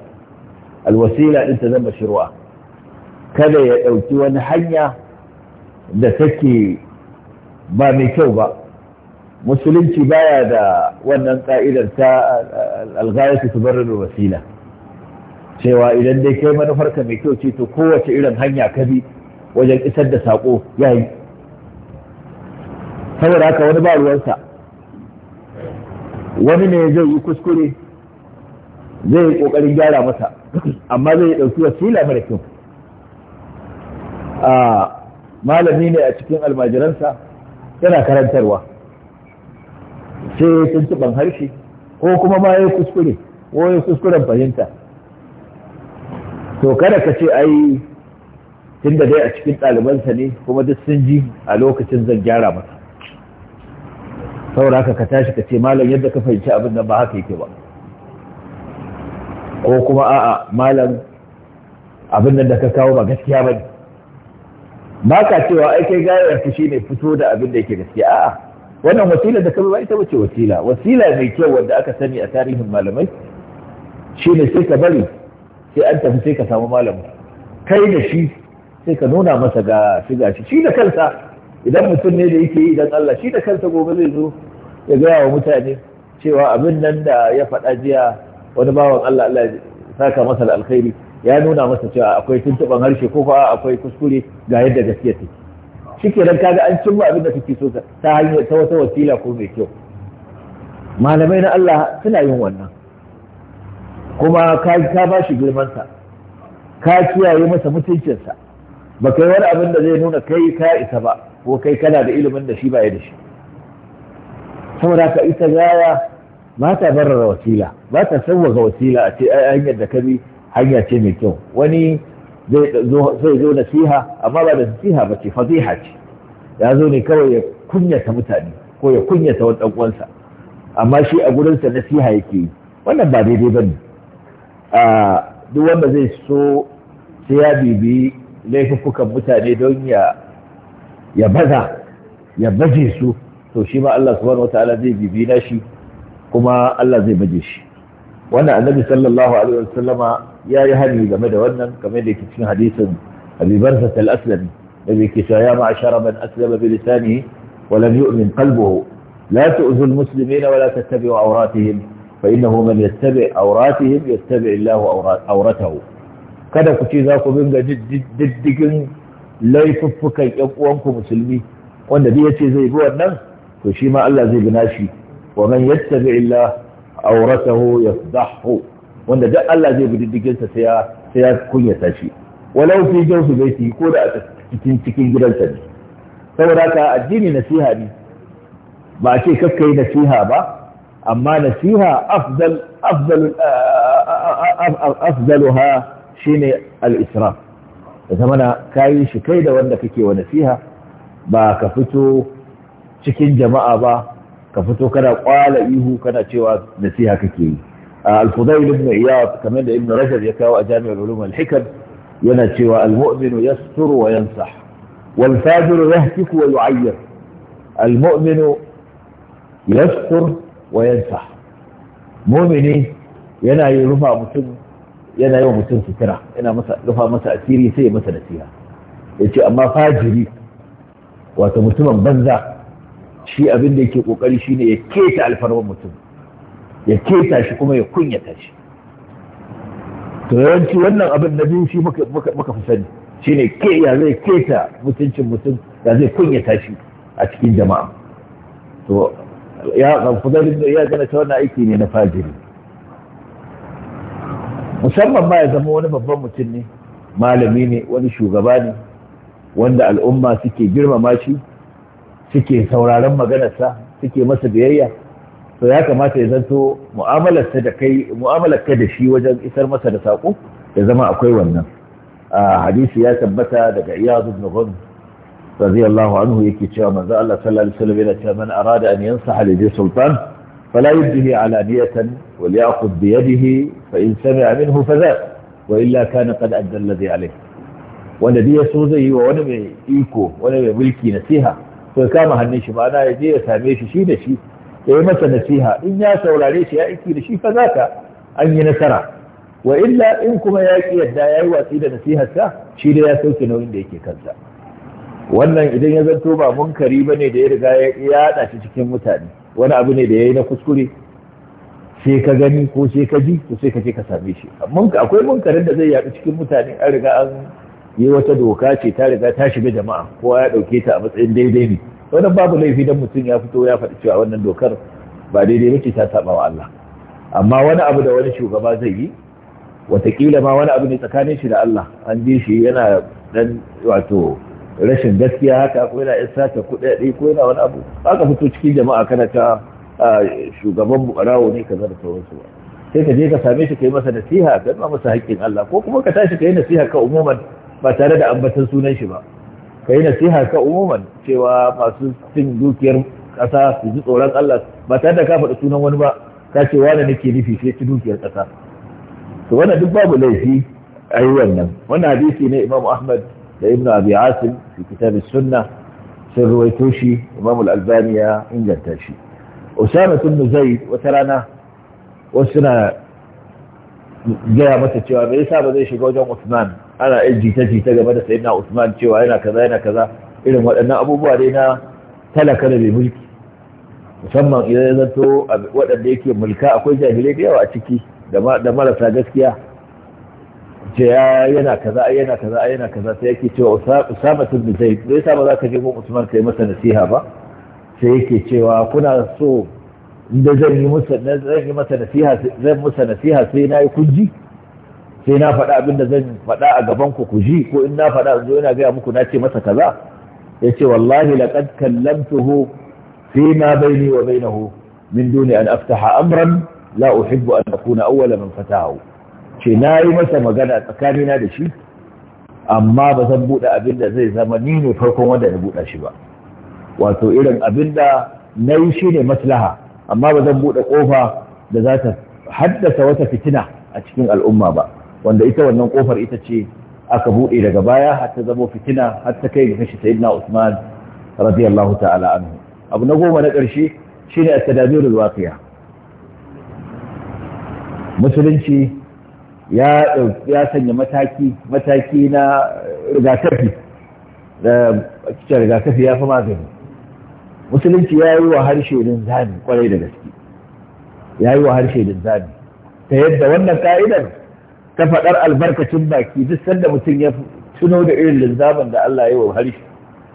alwasila din ta zama shirwa kada ya ɗauki wani hanya da take ba mai kyau ba musulunci baya da wannan ka'idar ta algayatu tubarrir wasila cewa idan dai kai manufarka mai kyau ce to kowace irin hanya ka bi wajen isar da sako yayi saboda haka wani ba ruwansa wani ne zai yi kuskure zai yi kokarin gyara masa amma zai ɗauki wasila mara kyau malami ne a cikin almajiransa yana karantarwa sai tuntuɓan harshe ko kuma ma ya kuskure ko ya kuskuren fahimta to kada ka ce ai tun da dai a cikin ɗalibansa ne kuma duk sun ji a lokacin zan gyara masa saboda haka ka tashi ka ce malam yadda ka fahimci abin nan ba haka yake ba ko kuma a'a malam abin nan da ka kawo ba gaskiya ba ne ba ka cewa ai kai gayar ka shine fito da abin da yake gaskiya a'a wannan wasila da ka ba ita wace wasila wasila mai kyau wanda aka sani a tarihin malamai shine sai ka bari sai an tafi sai ka samu malam kai da shi sai ka nuna masa ga shiga shi shi da kansa idan mutum ne da yake yi idan Allah shi da kansa gobe zai zo ya gaya wa mutane cewa abin nan da ya faɗa jiya wani bawan Allah Allah saka masa da alkhairi ya nuna masa cewa akwai tuntuɓan harshe ko kuwa akwai kuskure ga yadda gaskiya take shikenan kaga an cimma abin da kake so ta hanyar ta wata wasila ko mai kyau malamai na Allah suna yin wannan kuma ka ba shi girmansa ka kiyaye masa mutuncinsa ba kai wani abin da zai nuna kai ka isa ba ko kai kana da ilimin da shi ba ya da shi saboda ka ita gaya ba ta barara wasila ba ta ga wasila a ce hanyar da ka bi hanya ce mai kyau wani zai zo nasiha amma ba da nasiha ba ce fadiha ce ya zo ne kawai ya kunyata mutane ko ya kunyata wani uwansa amma shi a gurinsa nasiha yake yi wannan ba daidai ba ne duk wanda zai so sai ya bibi laifukan mutane don ya ya baza ya baje su to shi ma Allah subhanahu wataala zai na shi kuma Allah zai baje shi wannan annabi sallallahu alaihi wasallama ya yi hani game da wannan game da yake cikin hadisin Abi Barza al-Aslami da yake cewa ya ma'ashara man aslama bi lisanihi wa lam yu'min qalbuhu la tu'zu al-muslimina wa la tattabi'u awratihim fa innahu man yattabi' awratihim yattabi' Allahu awratahu kada ku ce za ku binga diddigin laifuffukan ƴan uwanku musulmi wanda duk yace zai bi wannan to shi ma Allah zai bina shi wa man yattabi illa awratahu yafdahu wanda duk Allah zai bi diddigin sa sai ya sai ya kunyata shi walau fi baiti ko da cikin cikin gidansa ne saboda ka addini nasiha ne ba a ce kakka yi nasiha ba amma nasiha afdal afdal afdaluha shine al-israf da zama na kayi shi kai da wanda kake wa nasiha ba ka fito cikin jama'a ba ka fito kana kwala ihu kana cewa nasiha kake yi al-fudayl ibn iyad kamar da ibn rajab ya kawo a jami'ar ulum al-hikam yana cewa al-mu'minu yasturu wa yansah wal fajiru yahtiku wa yu'ayyir al-mu'minu yastur wa yansah mu'mini yana yi rufa mutum yana yawan mutum sutura yana masa rufa masa asiri sai ya masa nasiha ya ce amma fajiri wata mutumin banza shi abin da yake kokari shine ya keta alfarman mutum ya keta shi kuma ya kunyata shi to yawanci wannan abin na biyu shi muka fi sani shine ke ya zai keta mutuncin mutum ya zai kunyata shi a cikin jama'a to ya kan ya gana ta wannan aiki ne na fajiri musamman ma ya zama wani babban mutum ne malami ne wani shugaba ne wanda al'umma suke girmama shi suke sauraron maganarsa suke masa biyayya to ya kamata ya zanto mu'amalarsa da kai da shi wajen isar masa da sako ya zama akwai wannan hadisi ya tabbata daga iyaz ibn ghun radiyallahu anhu yake cewa manzo Allah sallallahu alaihi wasallam yana cewa man arada an yansaha li sultan fala yubdihi ala niyatan wal ya'khudh bi yadihi فإن سمع منه فذاق وإلا كان قد أدى الذي عليه wanda duk ya so zai yi wa wani mai iko wani mai mulki nasiha to kama hannun shi ma'ana ya je ya same shi shi da shi ya yi masa nasiha in ya saurare shi ya aiki da shi fa zaka an yi nasara wa illa in kuma ya ki yadda ya yi watsi da nasiharsa shi da ya sauke nauyin da yake kanta? wannan idan ya zanto ba munkari ba ne da ya riga ya yaɗa shi cikin mutane wani abu ne da ya yi na kuskure sai ka gani ko sai ka ji ko sai ka je ka same shi akwai munkarin da zai yaɗu cikin mutane an riga an yi wata doka ce ta riga ta shiga jama'a ko ya ɗauke ta a matsayin daidai ne wani babu laifi don mutum ya fito ya faɗi cewa wannan dokar ba daidai ce ta saba wa Allah amma wani abu da wani shugaba zai yi watakila ma wani abu ne tsakanin shi da Allah an ji shi yana dan wato rashin gaskiya haka ko yana isa ta kuɗaɗe ko yana wani abu aka fito cikin jama'a kana ta shugaban barawo ne kaza da sauransu ba sai ka je ka same shi ka yi masa nasiha ka nuna masa haƙƙin Allah ko kuma ka tashi ka yi nasiha ka umuman ba tare da ambatan sunan shi ba ka yi nasiha ka umuman cewa masu cin dukiyar ƙasa su ji tsoron Allah ba tare da ka faɗi sunan wani ba ka ce wani nake nufi sai ci dukiyar ƙasa to wannan duk babu laifi a yi wannan wannan hadisi ne Imam Ahmad da Ibn Abi Asim fi kitab sunna sun ruwaito shi Imam Al-Albani ya inganta shi usama ibn zaid wata rana wasu suna gaya masa cewa me yasa ba zai shiga wajen usman ana yin jita-jita game da na usman cewa yana kaza yana kaza irin waɗannan abubuwa dai na talaka da mai mulki musamman idan ya zanto waɗanda yake mulka akwai jahilai da yawa a ciki da marasa gaskiya ce ya yana kaza ai yana kaza ai yana kaza sai yake cewa usama tun zai zai sa ba za ka je gun usman kai masa nasiha ba sai yake cewa kuna so inda zan yi masa nasiha sai na yi kunji sai na faɗa abinda zan faɗa a gaban ku kuji ko in na faɗa zo ina gaya muku na ce masa kaza ya ce wallahi laqad kallamtuhu fi ma baini wa bainahu min duni an aftaha amran la uhibbu an akuna awwala man fatahu ce na yi masa magana tsakanina da shi amma ba zan buɗe abinda zai zama ni ne farkon wanda ya buɗe shi ba wato irin abinda na yi shi ne maslaha amma ba zan buɗe ƙofa da za ta haddasa wata fitina a cikin al'umma ba wanda ita wannan ƙofar ita ce aka buɗe daga baya har ta zamo fitina har ta kai ga kashi sayyidina Usman radiyallahu ta'ala anhu abu na goma na ƙarshe shine at-tadabirul waqi'a musulunci ya ya sanya mataki mataki na rigakafi da kici rigakafi ya fi magani musulunci ya yi wa harshe linzami kwarai da gaske ya yi wa harshe linzami ta yadda wannan ka'idar ta faɗar albarkacin baki duk sanda mutum ya tuno da irin linzamin da Allah ya yi wa harshe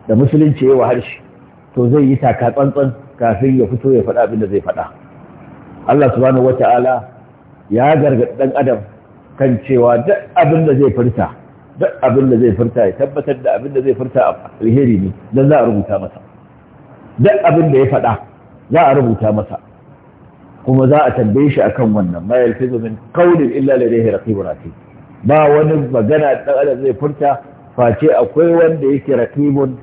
da musulunci ya yi wa harshe to zai yi taka tsantsan kafin ya fito ya faɗa abin da zai faɗa Allah subhanahu wata'ala ya gargaɗi ɗan adam kan cewa duk abin da zai furta duk abin da zai furta ya tabbatar da abin da zai furta alheri ne don za a rubuta masa duk abin da ya faɗa za a rubuta masa kuma za a tambaye shi akan wannan ma yalfizu min qawlin illa ladayhi raqibun atid ba wani magana dan adam zai furta face akwai wanda yake raqibun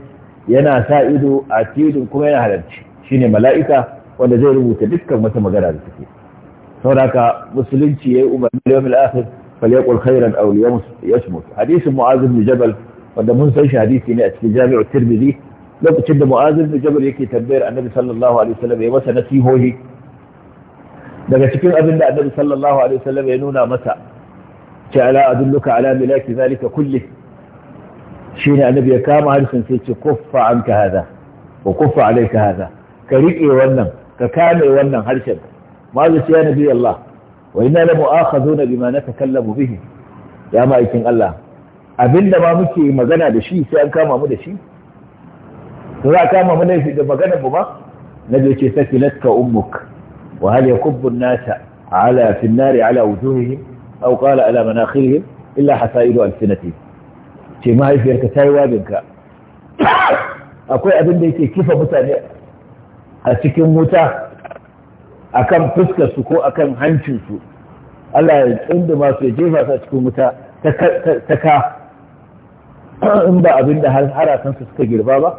yana sa ido a filin kuma yana halarci shine mala'ika wanda zai rubuta dukkan wata magana da take saboda musulunci yayi umarni yawmil akhir falyaqul khairan aw liyasmut hadisin mu'az bin jabal wanda mun san shi hadisi ne a cikin jami'u tirmidhi lokacin da mu'azin da jabir yake tambayar annabi sallallahu alaihi wasallam ya masa nasihohi daga cikin abin da annabi sallallahu alaihi wasallam ya nuna masa ce ala adulluka ala milaki zalika kulli shine annabi ya kama harshen sai ce kuffa anka hada wa kuffa alayka hada ka rike wannan ka kame wannan harshen ma zai ya nabi Allah wa inna la mu'akhadhuna bima natakallamu bihi ya ma'aikin Allah abinda ma muke magana da shi sai an kama mu da shi to za a kama mu laifi da maganar mu ba nabi ce sakilatka ummuk wa hal yakubbu an-nasa ala fi an-nari ala wujuhihim aw qala ala manakhirihim illa hasaidu al-sinati ce mahaifiyarka tayi wabinka akwai abin da yake kifa mutane a cikin wuta akan fuskar su ko akan hancin su Allah ya tsunduma masu ya jefa su cikin wuta ta ka in ba abin da har su suka girba ba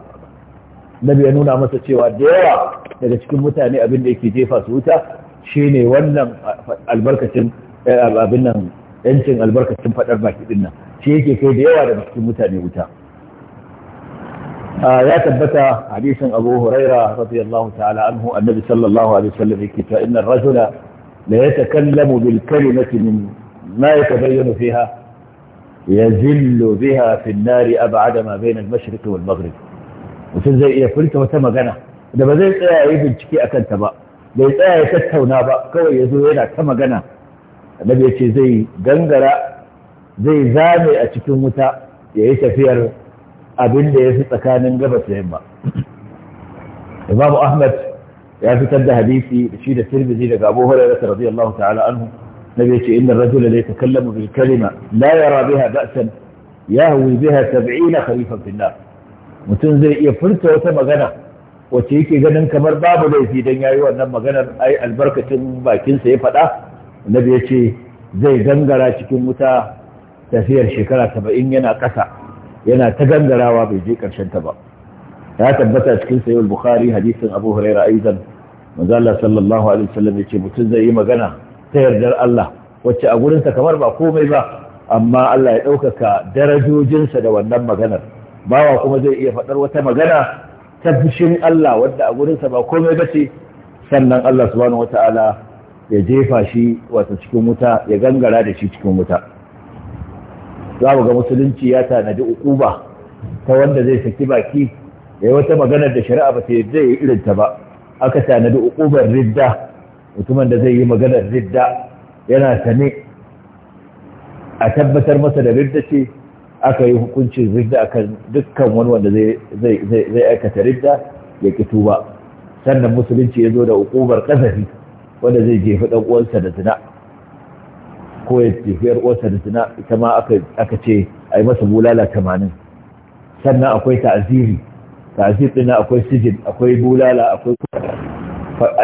nabi ya nuna masa cewa da yawa daga cikin mutane abin da yake jefa su wuta shine wannan albarkacin abin nan yancin albarkacin fadar baki din nan shi yake kai da yawa daga cikin mutane wuta ya tabbata hadisin Abu Huraira radiyallahu ta'ala anhu annabi sallallahu alaihi wasallam yake cewa innal rajula la yatakallamu bil kalimati min ma yatabayyanu fiha يزل بها في النار أبعد ما بين المشرق والمغرب mutum zai iya furta wata magana da ba zai tsaya ya yi bincike a kanta ba bai tsaya ya tattauna ba kawai ya zo yana ta magana annabi ya ce zai gangara zai zame a cikin wuta ya yi tafiyar abin da ya fi tsakanin gabas da yamma imamu ahmad ya fitar da hadisi da shi da tirmidhi daga abu hurairah radiyallahu ta'ala anhu nabi ce inna ar-rajula la yatakallamu bil kalima la yara biha ba'san yahwi biha 70 khalifan fil nar mutum zai iya furta wata magana wacce yake ganin kamar babu laifi don yi wannan maganar ai albarkacin bakinsa ya faɗa annabi ya ce zai gangara cikin wuta tafiyar shekara saba'in yana ƙasa yana ta gangarawa bai je ƙarshen ta ba ya tabbata cikin sayi bukhari hadisin abu huraira aizan manzo Allah sallallahu alaihi wasallam yace mutum zai yi magana ta yardar Allah wacce a gurinsa kamar ba komai ba amma Allah ya ɗaukaka darajojinsa da wannan maganar bawa kuma zai iya faɗar wata magana ta fushin Allah wadda a gurinsa ba komai ba ce sannan Allah subhanahu ta'ala ya jefa shi wata cikin wuta ya gangara da shi cikin wuta za mu ga musulunci ya tanadi ukuba ta wanda zai saki baki ya yi wata maganar da shari'a ba ta yadda ya irin ta ba aka tanadi ukubar ridda mutumin da zai yi maganar ridda yana sane a tabbatar masa da ridda ce aka yi hukuncin ridda akan dukkan wani wanda zai aikata ridda ya ki tuba sannan musulunci ya zo da hukumar kasafi wanda zai jefi dan uwansa da zina ko ya jefi yar uwansa da zina ita ma aka ce a yi masa bulala tamanin sannan akwai ta'ziri ta'zir din akwai sijin akwai bulala akwai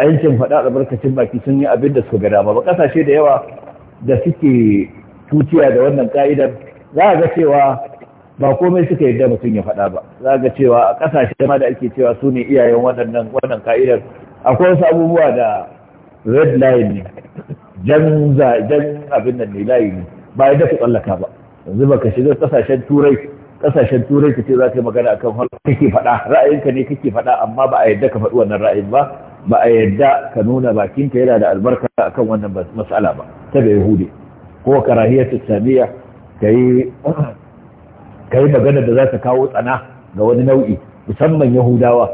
yancin faɗa albarkacin baki sun yi abin da suka ga dama ba kasashe da yawa da suke tutiya da wannan ka'idar za a ga cewa ba komai suka yadda mutum ya faɗa ba za ga cewa a ƙasashe ma da ake cewa su ne iyayen waɗannan wannan ka'idar akwai wasu abubuwa da red line ne jan jan abin nan ne layi ne ba yadda ku tsallaka ba yanzu baka shiga ƙasashen turai ƙasashen turai ka ce za ka yi magana akan hal kake faɗa ra'ayinka ne kake faɗa amma ba a yadda ka faɗi wannan ra'ayin ba ba a yadda ka nuna bakinka yana da albarka akan wannan mas'ala ba ta da yahudi ko karahiyar tsamiya ka yi magana da za ta kawo tsana ga wani nau'i musamman yahudawa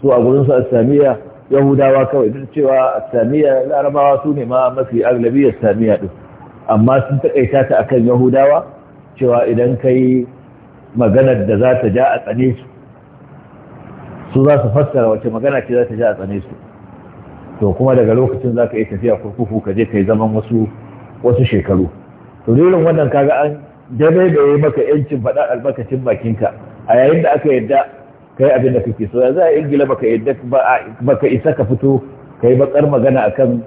su a su asamiya yahudawa kawai duk cewa asamiya larabawa su ne ma mafi aglabi asamiya din amma sun taƙaita ta akan yahudawa cewa idan ka yi magana da za ta ja a tsane su su za su fassara wace magana ce za ta ja a tsane su to kuma daga lokacin za ka yi tafiya kurkuku ka je ka yi zaman wasu shekaru to irin wannan kaga an da yi maka yancin faɗa albarkacin bakinka a yayin da aka yadda kai abin da kake so za a ingila maka yadda isa ka fito ka yi bakar magana a kan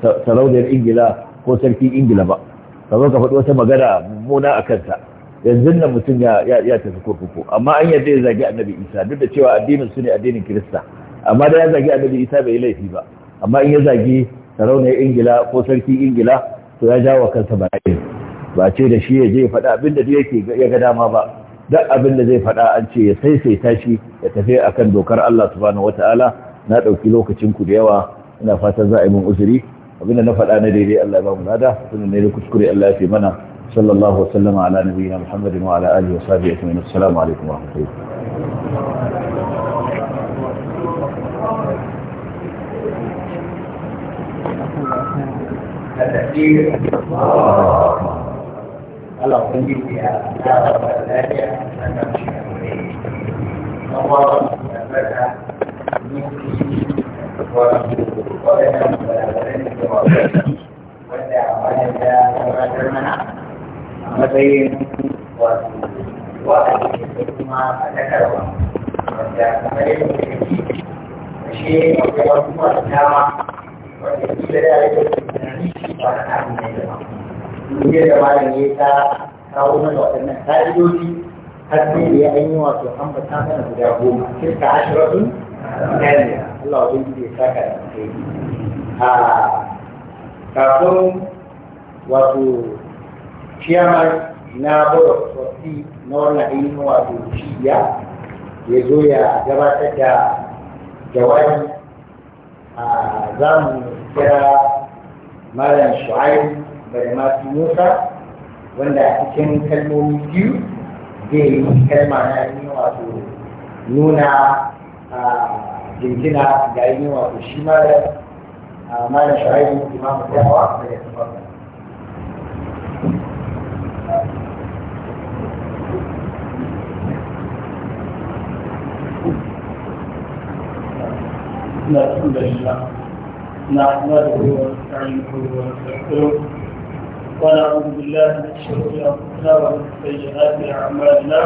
sarauniyar ingila ko sarki ingila ba ka zo ka faɗi wata magana mummuna a kansa yanzu nan mutum ya tafi kurkuku amma an yadda ya zagi annabi isa duk da cewa addinin su ne addinin kirista amma da ya zagi annabi isa bai yi laifi ba amma in ya zagi sarauniyar ingila ko sarki ingila to ya jawo kansa bala'i ba ce da shi ya je faɗa abin da yake ya ga dama ba duk abin da zai faɗa an ce ya saisaita shi ya tafi akan dokar Allah subhanahu wataala na dauki lokacin ku da yawa ina fata za a yi mun uzuri abinda na faɗa na daidai Allah ya ba mu nada sunan ne da kuskure Allah ya fi mana sallallahu wasallama ala nabiyina Muhammadin wa ala alihi wa sahbihi ajma'in assalamu alaikum wa rahmatullahi Thank you. Allah ubangiji ya ya ba lafiya sannan shi ne dan wa da barka ni wa wa da nan da ne da wa wanda wannan da gabatar mana a matsayin wato wa da kuma a takarwa wanda kamar yadda kake shi ne da kuma masu dama wanda kila da ya yi ba da abin da ya yadda malam ya ta kawo mana waɗannan ƙa'idodi har sai da ya an yi wato an ba mana guda goma shirka ashiratun kariya Allah wajen ji ya saka da kai a kafin wato ciyamar na bawa sosai na wannan ainihin wato cibiya ya zo ya gabatar da jawabi a zamu kira malam shu'aib bari musa wanda a cikin kalmomi biyu zai yi kalma na yi wato nuna a jirgina ga yi wato shi ma da mana shari'in imamu tsawa da ya tabbata لا الحمد لله نحمده ونستعينه ونستغفره ونعوذ بالله من شرور انفسنا ومن سيئات اعمالنا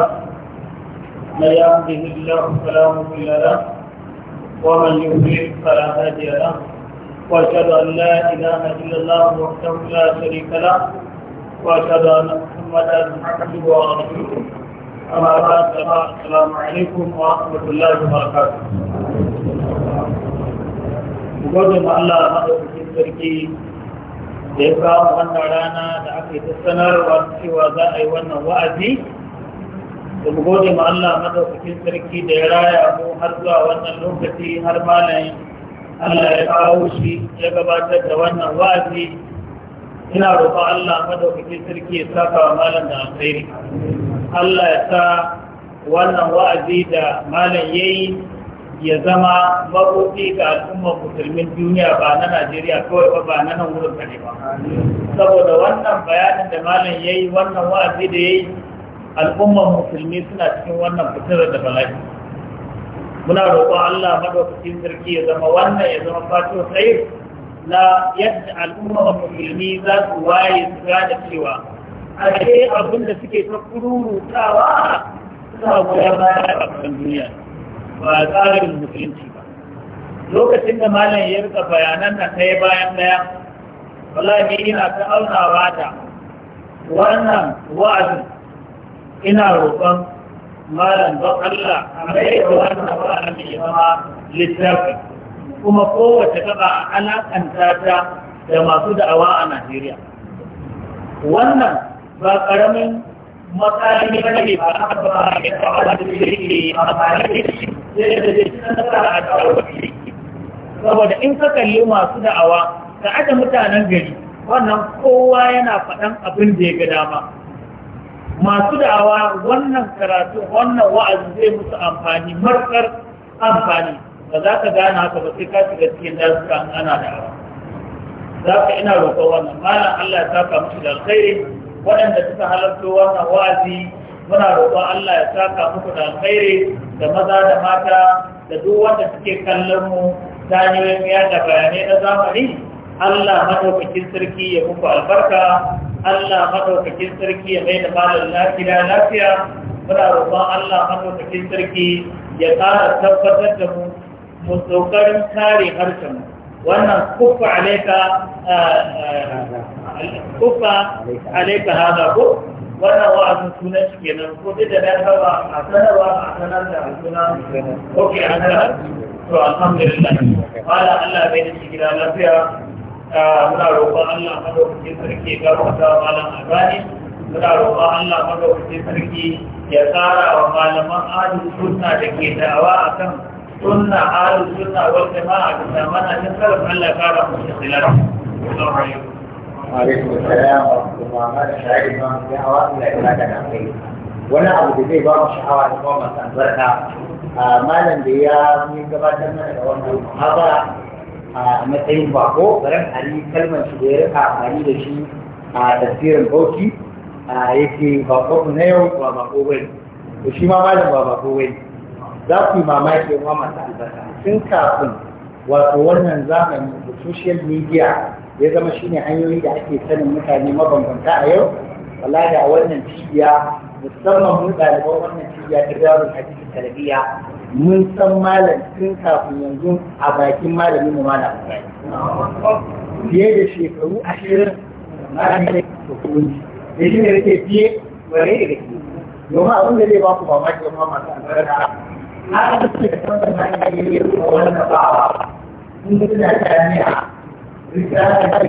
من يهده الله فلا مضل له ومن يضلل فلا هادي له واشهد ان لا اله الا الله وحده لا شريك له واشهد ان محمدا عبده ورسوله اما بعد السلام عليكم ورحمه الله وبركاته gode ma هذا madaukakin sarki da ya kawo wannan rana da aka yi ta sanarwa cewa za a yi wannan wa'azi da mu gode ma Allah madaukakin sarki da ya raya mu har zuwa wannan lokaci har malayin Allah ya kawo shi ya gabatar da wannan wa'azi ina roƙon Allah madaukakin sarki ya saka wa malam da alkhairi Allah ya sa wannan wa'azi da malam yayi ya zama mabuɗi ga al'ummar musulmin duniya ba na Najeriya kawai ba ba na nan wurin ne ba. Saboda wannan bayanin da malam ya yi wannan wa'azi da ya yi al'ummar musulmi suna cikin wannan fitilar da bala'i. Muna roƙon Allah madaukakin sarki ya zama wannan ya zama fato sai na yadda al'ummar musulmi za su waye su gane cewa a abin da suke ta kururutawa suna goyon baya a duniya. ba tsarin musulunci ba lokacin da malam ya rika bayanan na kai bayan ɗaya wallahi ina ta aunawa da wannan wa'azin ina roƙon malam don Allah a mai da wannan wa'azin ya zama littafi kuma kowace gaba a alakanta ta da masu da'awa a Najeriya wannan ba ƙaramin makami ba ne ba a ba a da shi sai da zai a saboda in ka kalli masu da'awa ka aje mutanen gari wannan kowa yana faɗan abin da ya ga dama masu da'awa wannan karatu wannan wa'azi zai musu amfani markar amfani ba za ka gane haka ba sai ka shiga cikin dazuka an ana da'awa za ka ina roƙon wannan malam Allah ya saka musu da alkhairi waɗanda suka halarta wannan wa'azi muna roƙon Allah ya saka muku da alkhairi da maza da mata da duk wanda suke kallon mu ta hanyoyin yada bayanai na zamani Allah madaukakin sarki ya muku albarka Allah madaukakin sarki ya mai da malar lafiya lafiya muna roƙon Allah madaukakin sarki ya ƙara tabbatar da mu mu tsokarin kare harshen wannan kufa alaika eh, eh, kufa alaika hada ko wannan wa'azin sunan shi kenan ko duk da dan haba a sanarwa a sanar da suna ok a sanar to alhamdulillah wala Allah bai da shi gida lafiya ah, muna roƙon Allah madaukakin sarki ya gafarta wa malam albani muna roƙon Allah madaukakin sarki ya tsara wa malaman ahlus suna da ke da'awa akan suna ahlus sunna wal jama'a da mana ta salaf Allah ya kara mu shi wani abu da zai ba mu sha'awa da kuma masu albarka malam da ya yi gabatar mana da wannan muhabara matsayin bako garin ali kalmar shi da ya rika amfani da shi a tasirin bauchi yake bako na yau ba bako bai to shi malam ba bako za mamaki kuma masu albarka tun kafin wato wannan zamani da social media ya zama shi ne hanyoyi da ake sanin mutane mabambanta a yau wallahi a wannan cibiya musamman mu ɗaliban wannan cibiya ta darul hadisi tarbiyya mun san malam tun kafin yanzu a bakin malamin mu malam fiye da shekaru ashirin malam da kuɗi da shi ne rike fiye ware da gaske domin abin da zai ba ku mamaki amma masu albarka na aka ce da kan da na yi yi ruwa wani ba ba sun da ta ne a رسالة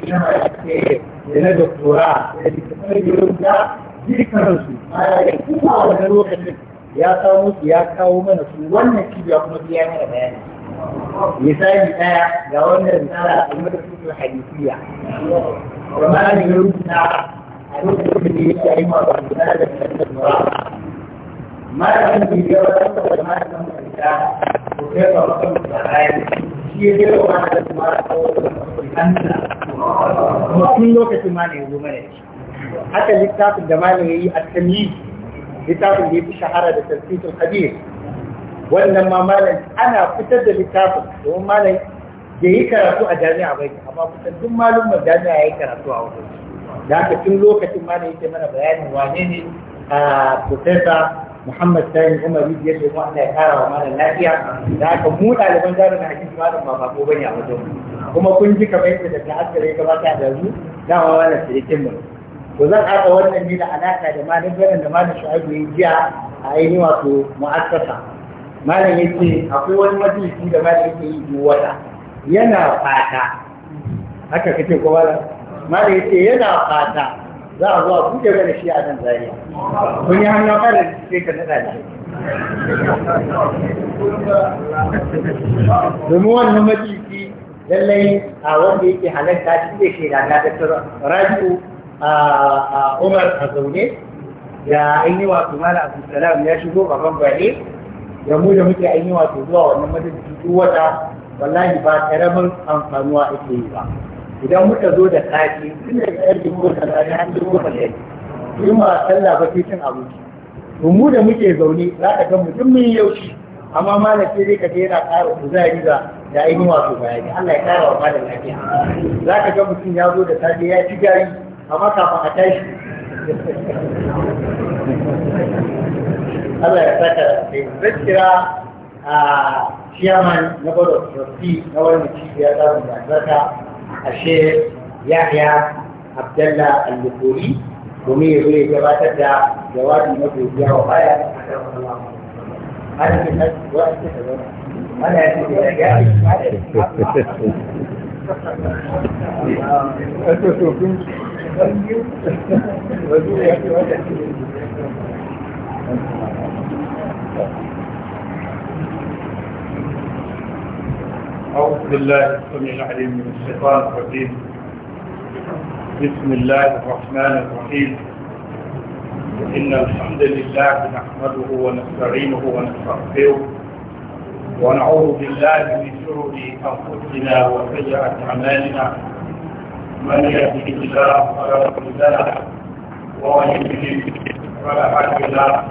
كما يأتي إلى دكتوراه الذي تخرج لها ذكر ما يكون على ذروة ya kawo musu ya kawo mana su wannan cibiya kuma biya mana bayani misali daya ga wannan risala a madrasatul hadisiya kuma an yi rubuta a lokacin da yake yi ma ba da da da ما يمكن أن ما يمكن إذا وكيف رقم الزعائم هي جوابه ما يمكن ما وكل لوكة ما نهزمه حتى لكتاب الجمال هي التمييز لكتاب اللي في شهرة لتثبيت القدير ولما مالك أنا فتد لكتاب هو مالك da yi karatu a jami'a bai amma kusan duk malum mai jami'a ya yi karatu a wajen da haka tun lokacin ma da Muhammad Sani Umar ya ce mu Allah ya kara wa malam lafiya da aka mu ɗaliban zaru na hakiki malam ba bako bane a wajen kuma kun ji kamar yadda da haskare ya gabata da zu da ma malam sirikin mu to zan haɗa wannan ne da alaka da malam garin da malam Shu'aibu ya jiya a ainihin wato mu'assasa malam ya ce akwai wani majalisi da malam yake yi duk wata yana fata haka kake ko malam malam ya ce yana fata za a zuwa buɗe mana shi a nan zariya kun yi hannun ƙara da suke ka naɗa ne. domin wannan majalisi lallai a wanda yake halarta shi zai shaida na da rajiyu a umar a zaune da an yi wato mala abu salam ya shigo a bare da mu da muke an yi wato zuwa wannan majalisi duk wata wallahi ba ƙaramin amfanuwa ake yi ba idan muka zo da kaji tun da yar dubu da kaji an dubu da kaji in ba sallah ba sai cin abinci to mu da muke zaune za ka ga mutum mun yaushi amma malam sai dai ka ga yana ƙara kuzari ga da ainihin wato bayani Allah ya ƙara wa malam lafiya za ka ga mutum ya zo da safe ya ci gari amma kafin a tashi Allah ya saka da zakira a ah, chairman na board wasu trustee na wani ciki ya tsarin da الشيخ يحيى عبد الله البخوري ومير ويه جواد الدعاء جواد المدري في عوايا حتى وصل الله هذا في الناس أنا أتوقع أنك أتوقع Thank you. أعوذ بالله السميع العليم من الشيطان الرجيم بسم الله الرحمن الرحيم إن الحمد لله نحمده ونستعينه ونستغفره ونعوذ بالله من شرور أنفسنا وسيئة أعمالنا من يهده الله فلا مضل له ومن يضلل فلا هادي له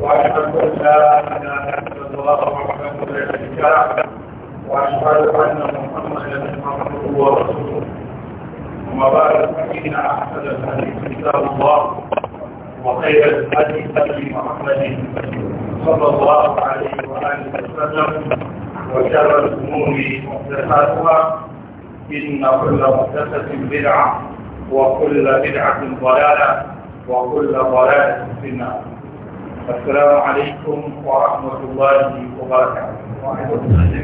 وأشهد أن لا إله إلا الله وحده لا شريك له وأشهد أن محمدا عبده ورسوله وما بعد فإن أحسن الحديث كتاب الله وخير الهدي هدي محمد صلى الله عليه وآله وسلم وشر الأمور محدثاتها إن كل محدثة بدعة وكل بدعة ضلالة وكل ضلالة في النار السلام عليكم ورحمة الله وبركاته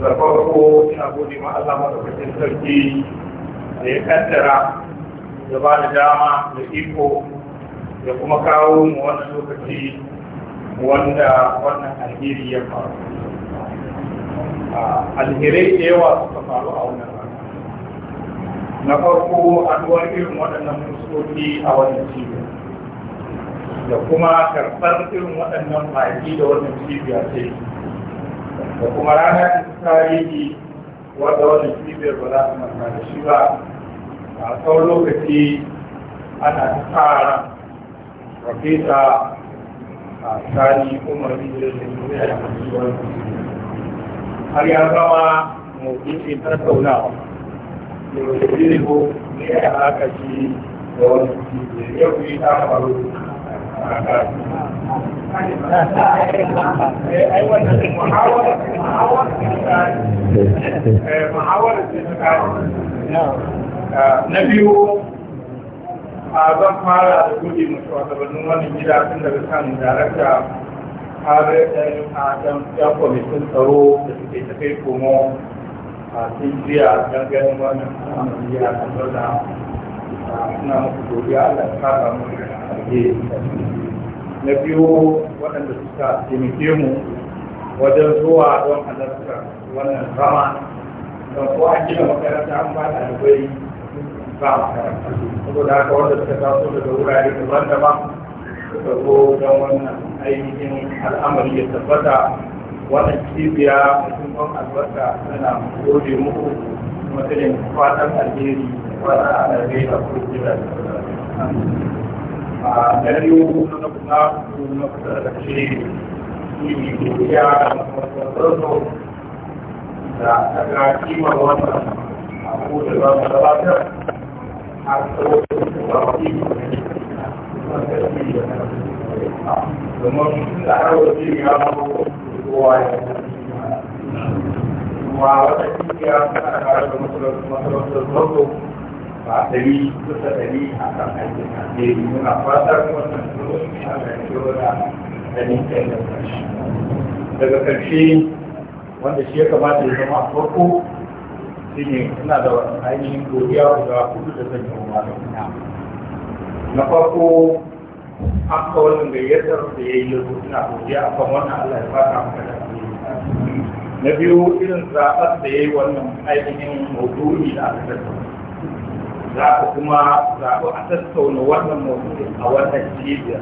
da farko ina sarki ya dama iko da kuma kawo mu wannan lokaci wanda wannan alheri ya faru alherai a na farko an irin waɗannan fuskoki a wani cibiyar da kuma karɓar irin waɗannan baki da wannan cibiya ce da kuma rana ta tarihi wadda wannan cibiyar ba za su manta da shi ba a tsawon lokaci ana ta tsara rafisa a tsari umar da jami'a da cibiyar. har ya zama mawuƙi Yau da wajen ne ya haka shi da wani cibiyar yau yi ta faru na biyu a zan fara da gudi masu wasannin wani gida tun daga kan darakta har a ɗan ɗan kwamitin tsaro da suke tafe komo a cikin jiya don ganin wannan amuriya a da suna masu godiya da kasa mu ke na biyu waɗanda suka taimake mu wajen zuwa don halarta wannan rama don ko an gina makaranta an ba da albai ba makaranta saboda haka wanda suka taso daga wurare daban-daban suka zo don wannan ainihin al'amari ya tabbata wannan cibiya mutum albarka tana gode muku kuma mutum fatan alheri wata alheri gaida kuma jira na biyu na kuma na kusa da ce shi godiya da wasu da daga kimar wannan abu da za mu gabatar a tsawon da wani domin da harawar ya mawa kowa ya kuma wata kimiyya tana da masu masu masu masu ba ɗari kusa ɗari a kan aikin alheri muna fatar wannan tsoron ya ga da ɗari kai da ƙarshe daga ƙarshe wanda shi ya kamata ya zama a farko shi ne suna da ainihin godiya guda hudu da zan yi wa malamina na farko an ka gayyatar da ya yi yanzu suna godiya a kan wannan allah ya fata maka da na biyu irin zaɓar da ya yi wannan ainihin maudu'i da aka tattauna za ku kuma zaɓi a tattauna wannan maudu'in a wannan cibiyar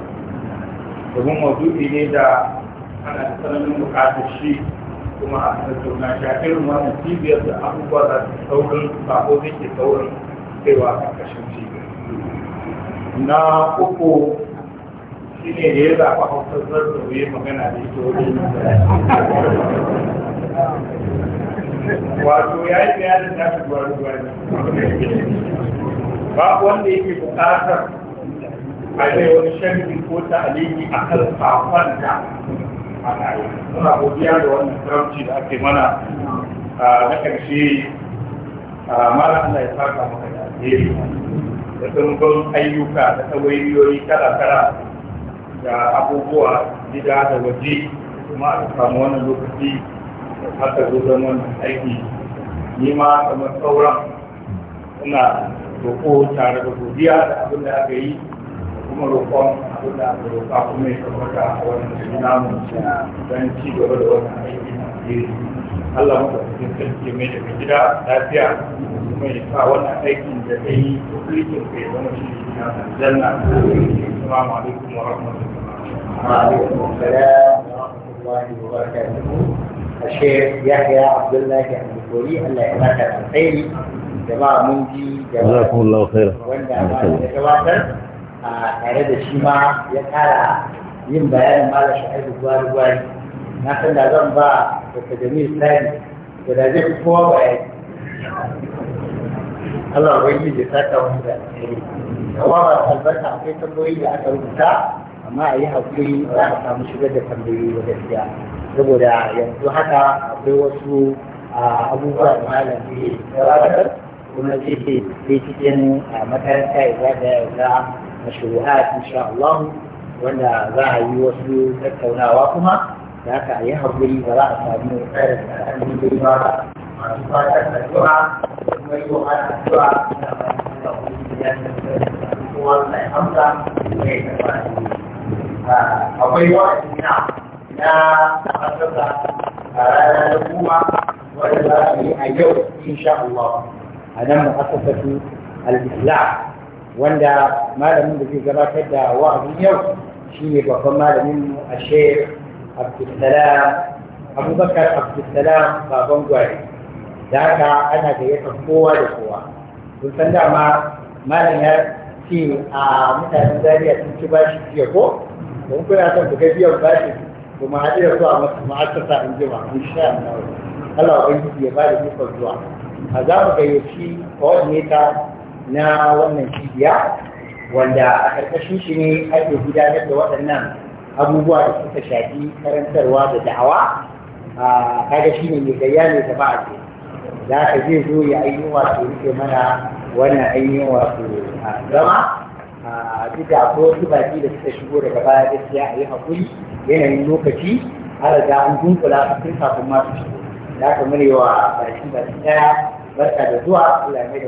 domin maudu'i ne da ana da tsananin bukatar shi kuma a tattauna shi a irin wannan cibiyar da abubuwa za su saurin sako zai ke saurin kaiwa ƙarƙashin cibiyar na uku shi ne da ya zaɓi hausar zazzauye magana da ita wajen yin wato ya yi bayanin nasu gwari-gwari ba wanda yake bukatar a zai wani sharri ko ta'aliki a kan safon da ana yi muna godiya da wani karamci da ake mana A na ƙarshe mara Allah ya saka maka da alheri da tsirgun ayyuka da tsawayoyi kala-kala da abubuwa gida da waje kuma a samu wannan lokaci aka zo aiki ni ma kamar sauran ina roƙo tare da godiya da abin da aka yi kuma roƙon abin da aka roƙa kuma ya tabbata a wannan jami'a namu don ci gaba da wannan aiki na jeri Allah maka cikin sarki mai daga gida lafiya kuma ya sa wannan aikin da ta yi kuma ka ya zama shi na aljanna assalamu alaikum wa rahmatullahi wa barakatuh الشيخ يحيى عبد الله الدكتوري الله يجزاك عن خيري جماعة منجي جزاكم الله خيرا وإن يتواتر أريد الشيما يتعالى yin bayanin mala shahidu gwari gwari na san da zan ba da jami'ar tsari da da zai kowa bayani Allah wani da sata wani da albarka akwai tambayoyi da aka rubuta amma a yi haƙuri za a samu shigar da tambayoyi wa gaskiya saboda yanzu haka akwai wasu abubuwa da malam zai gabatar kuma zai zai cikin makaranta ya zaga ya ga mashru'at insha Allah wanda za a yi wasu tattaunawa kuma da haka a yi haƙuri ba za a samu tsarin da an ba masu fatan addu'a kuma yi wa addu'a da bayan da kuma ya amsa da ya tabbata أنا مؤسسة الإسلام وندا ما لم يجي جرا كدا واحد يوم شيء بقول ما لم الشيخ عبد السلام أبو بكر عبد السلام بابون جاي ذاك أنا جاي تقوى تقوى وفندا ما ما لم يجي ااا مثلا زي أتوقع شيء يقول don kuna son ku ga biyan bashi ku ma haɗu da su a ma'asasa in jima in sha Allah Allah ubangiji ya bada ikon zuwa a za mu gayyaci coordinator na wannan cibiya wanda a ƙarƙashin shi ne ake gudanar da waɗannan abubuwa da suka shafi karantarwa da da'awa kaga shi ne mai gayya ne da ba a ce za ka zai zo ya ainihin wato rike mana wannan ainihin wato zama duk da akwai wasu baki da suka shigo daga baya gaskiya a yi haƙuri yanayin lokaci har da an dunkula su tun kafin masu shigo da aka mune bakin baki ɗaya barka da zuwa Allah mai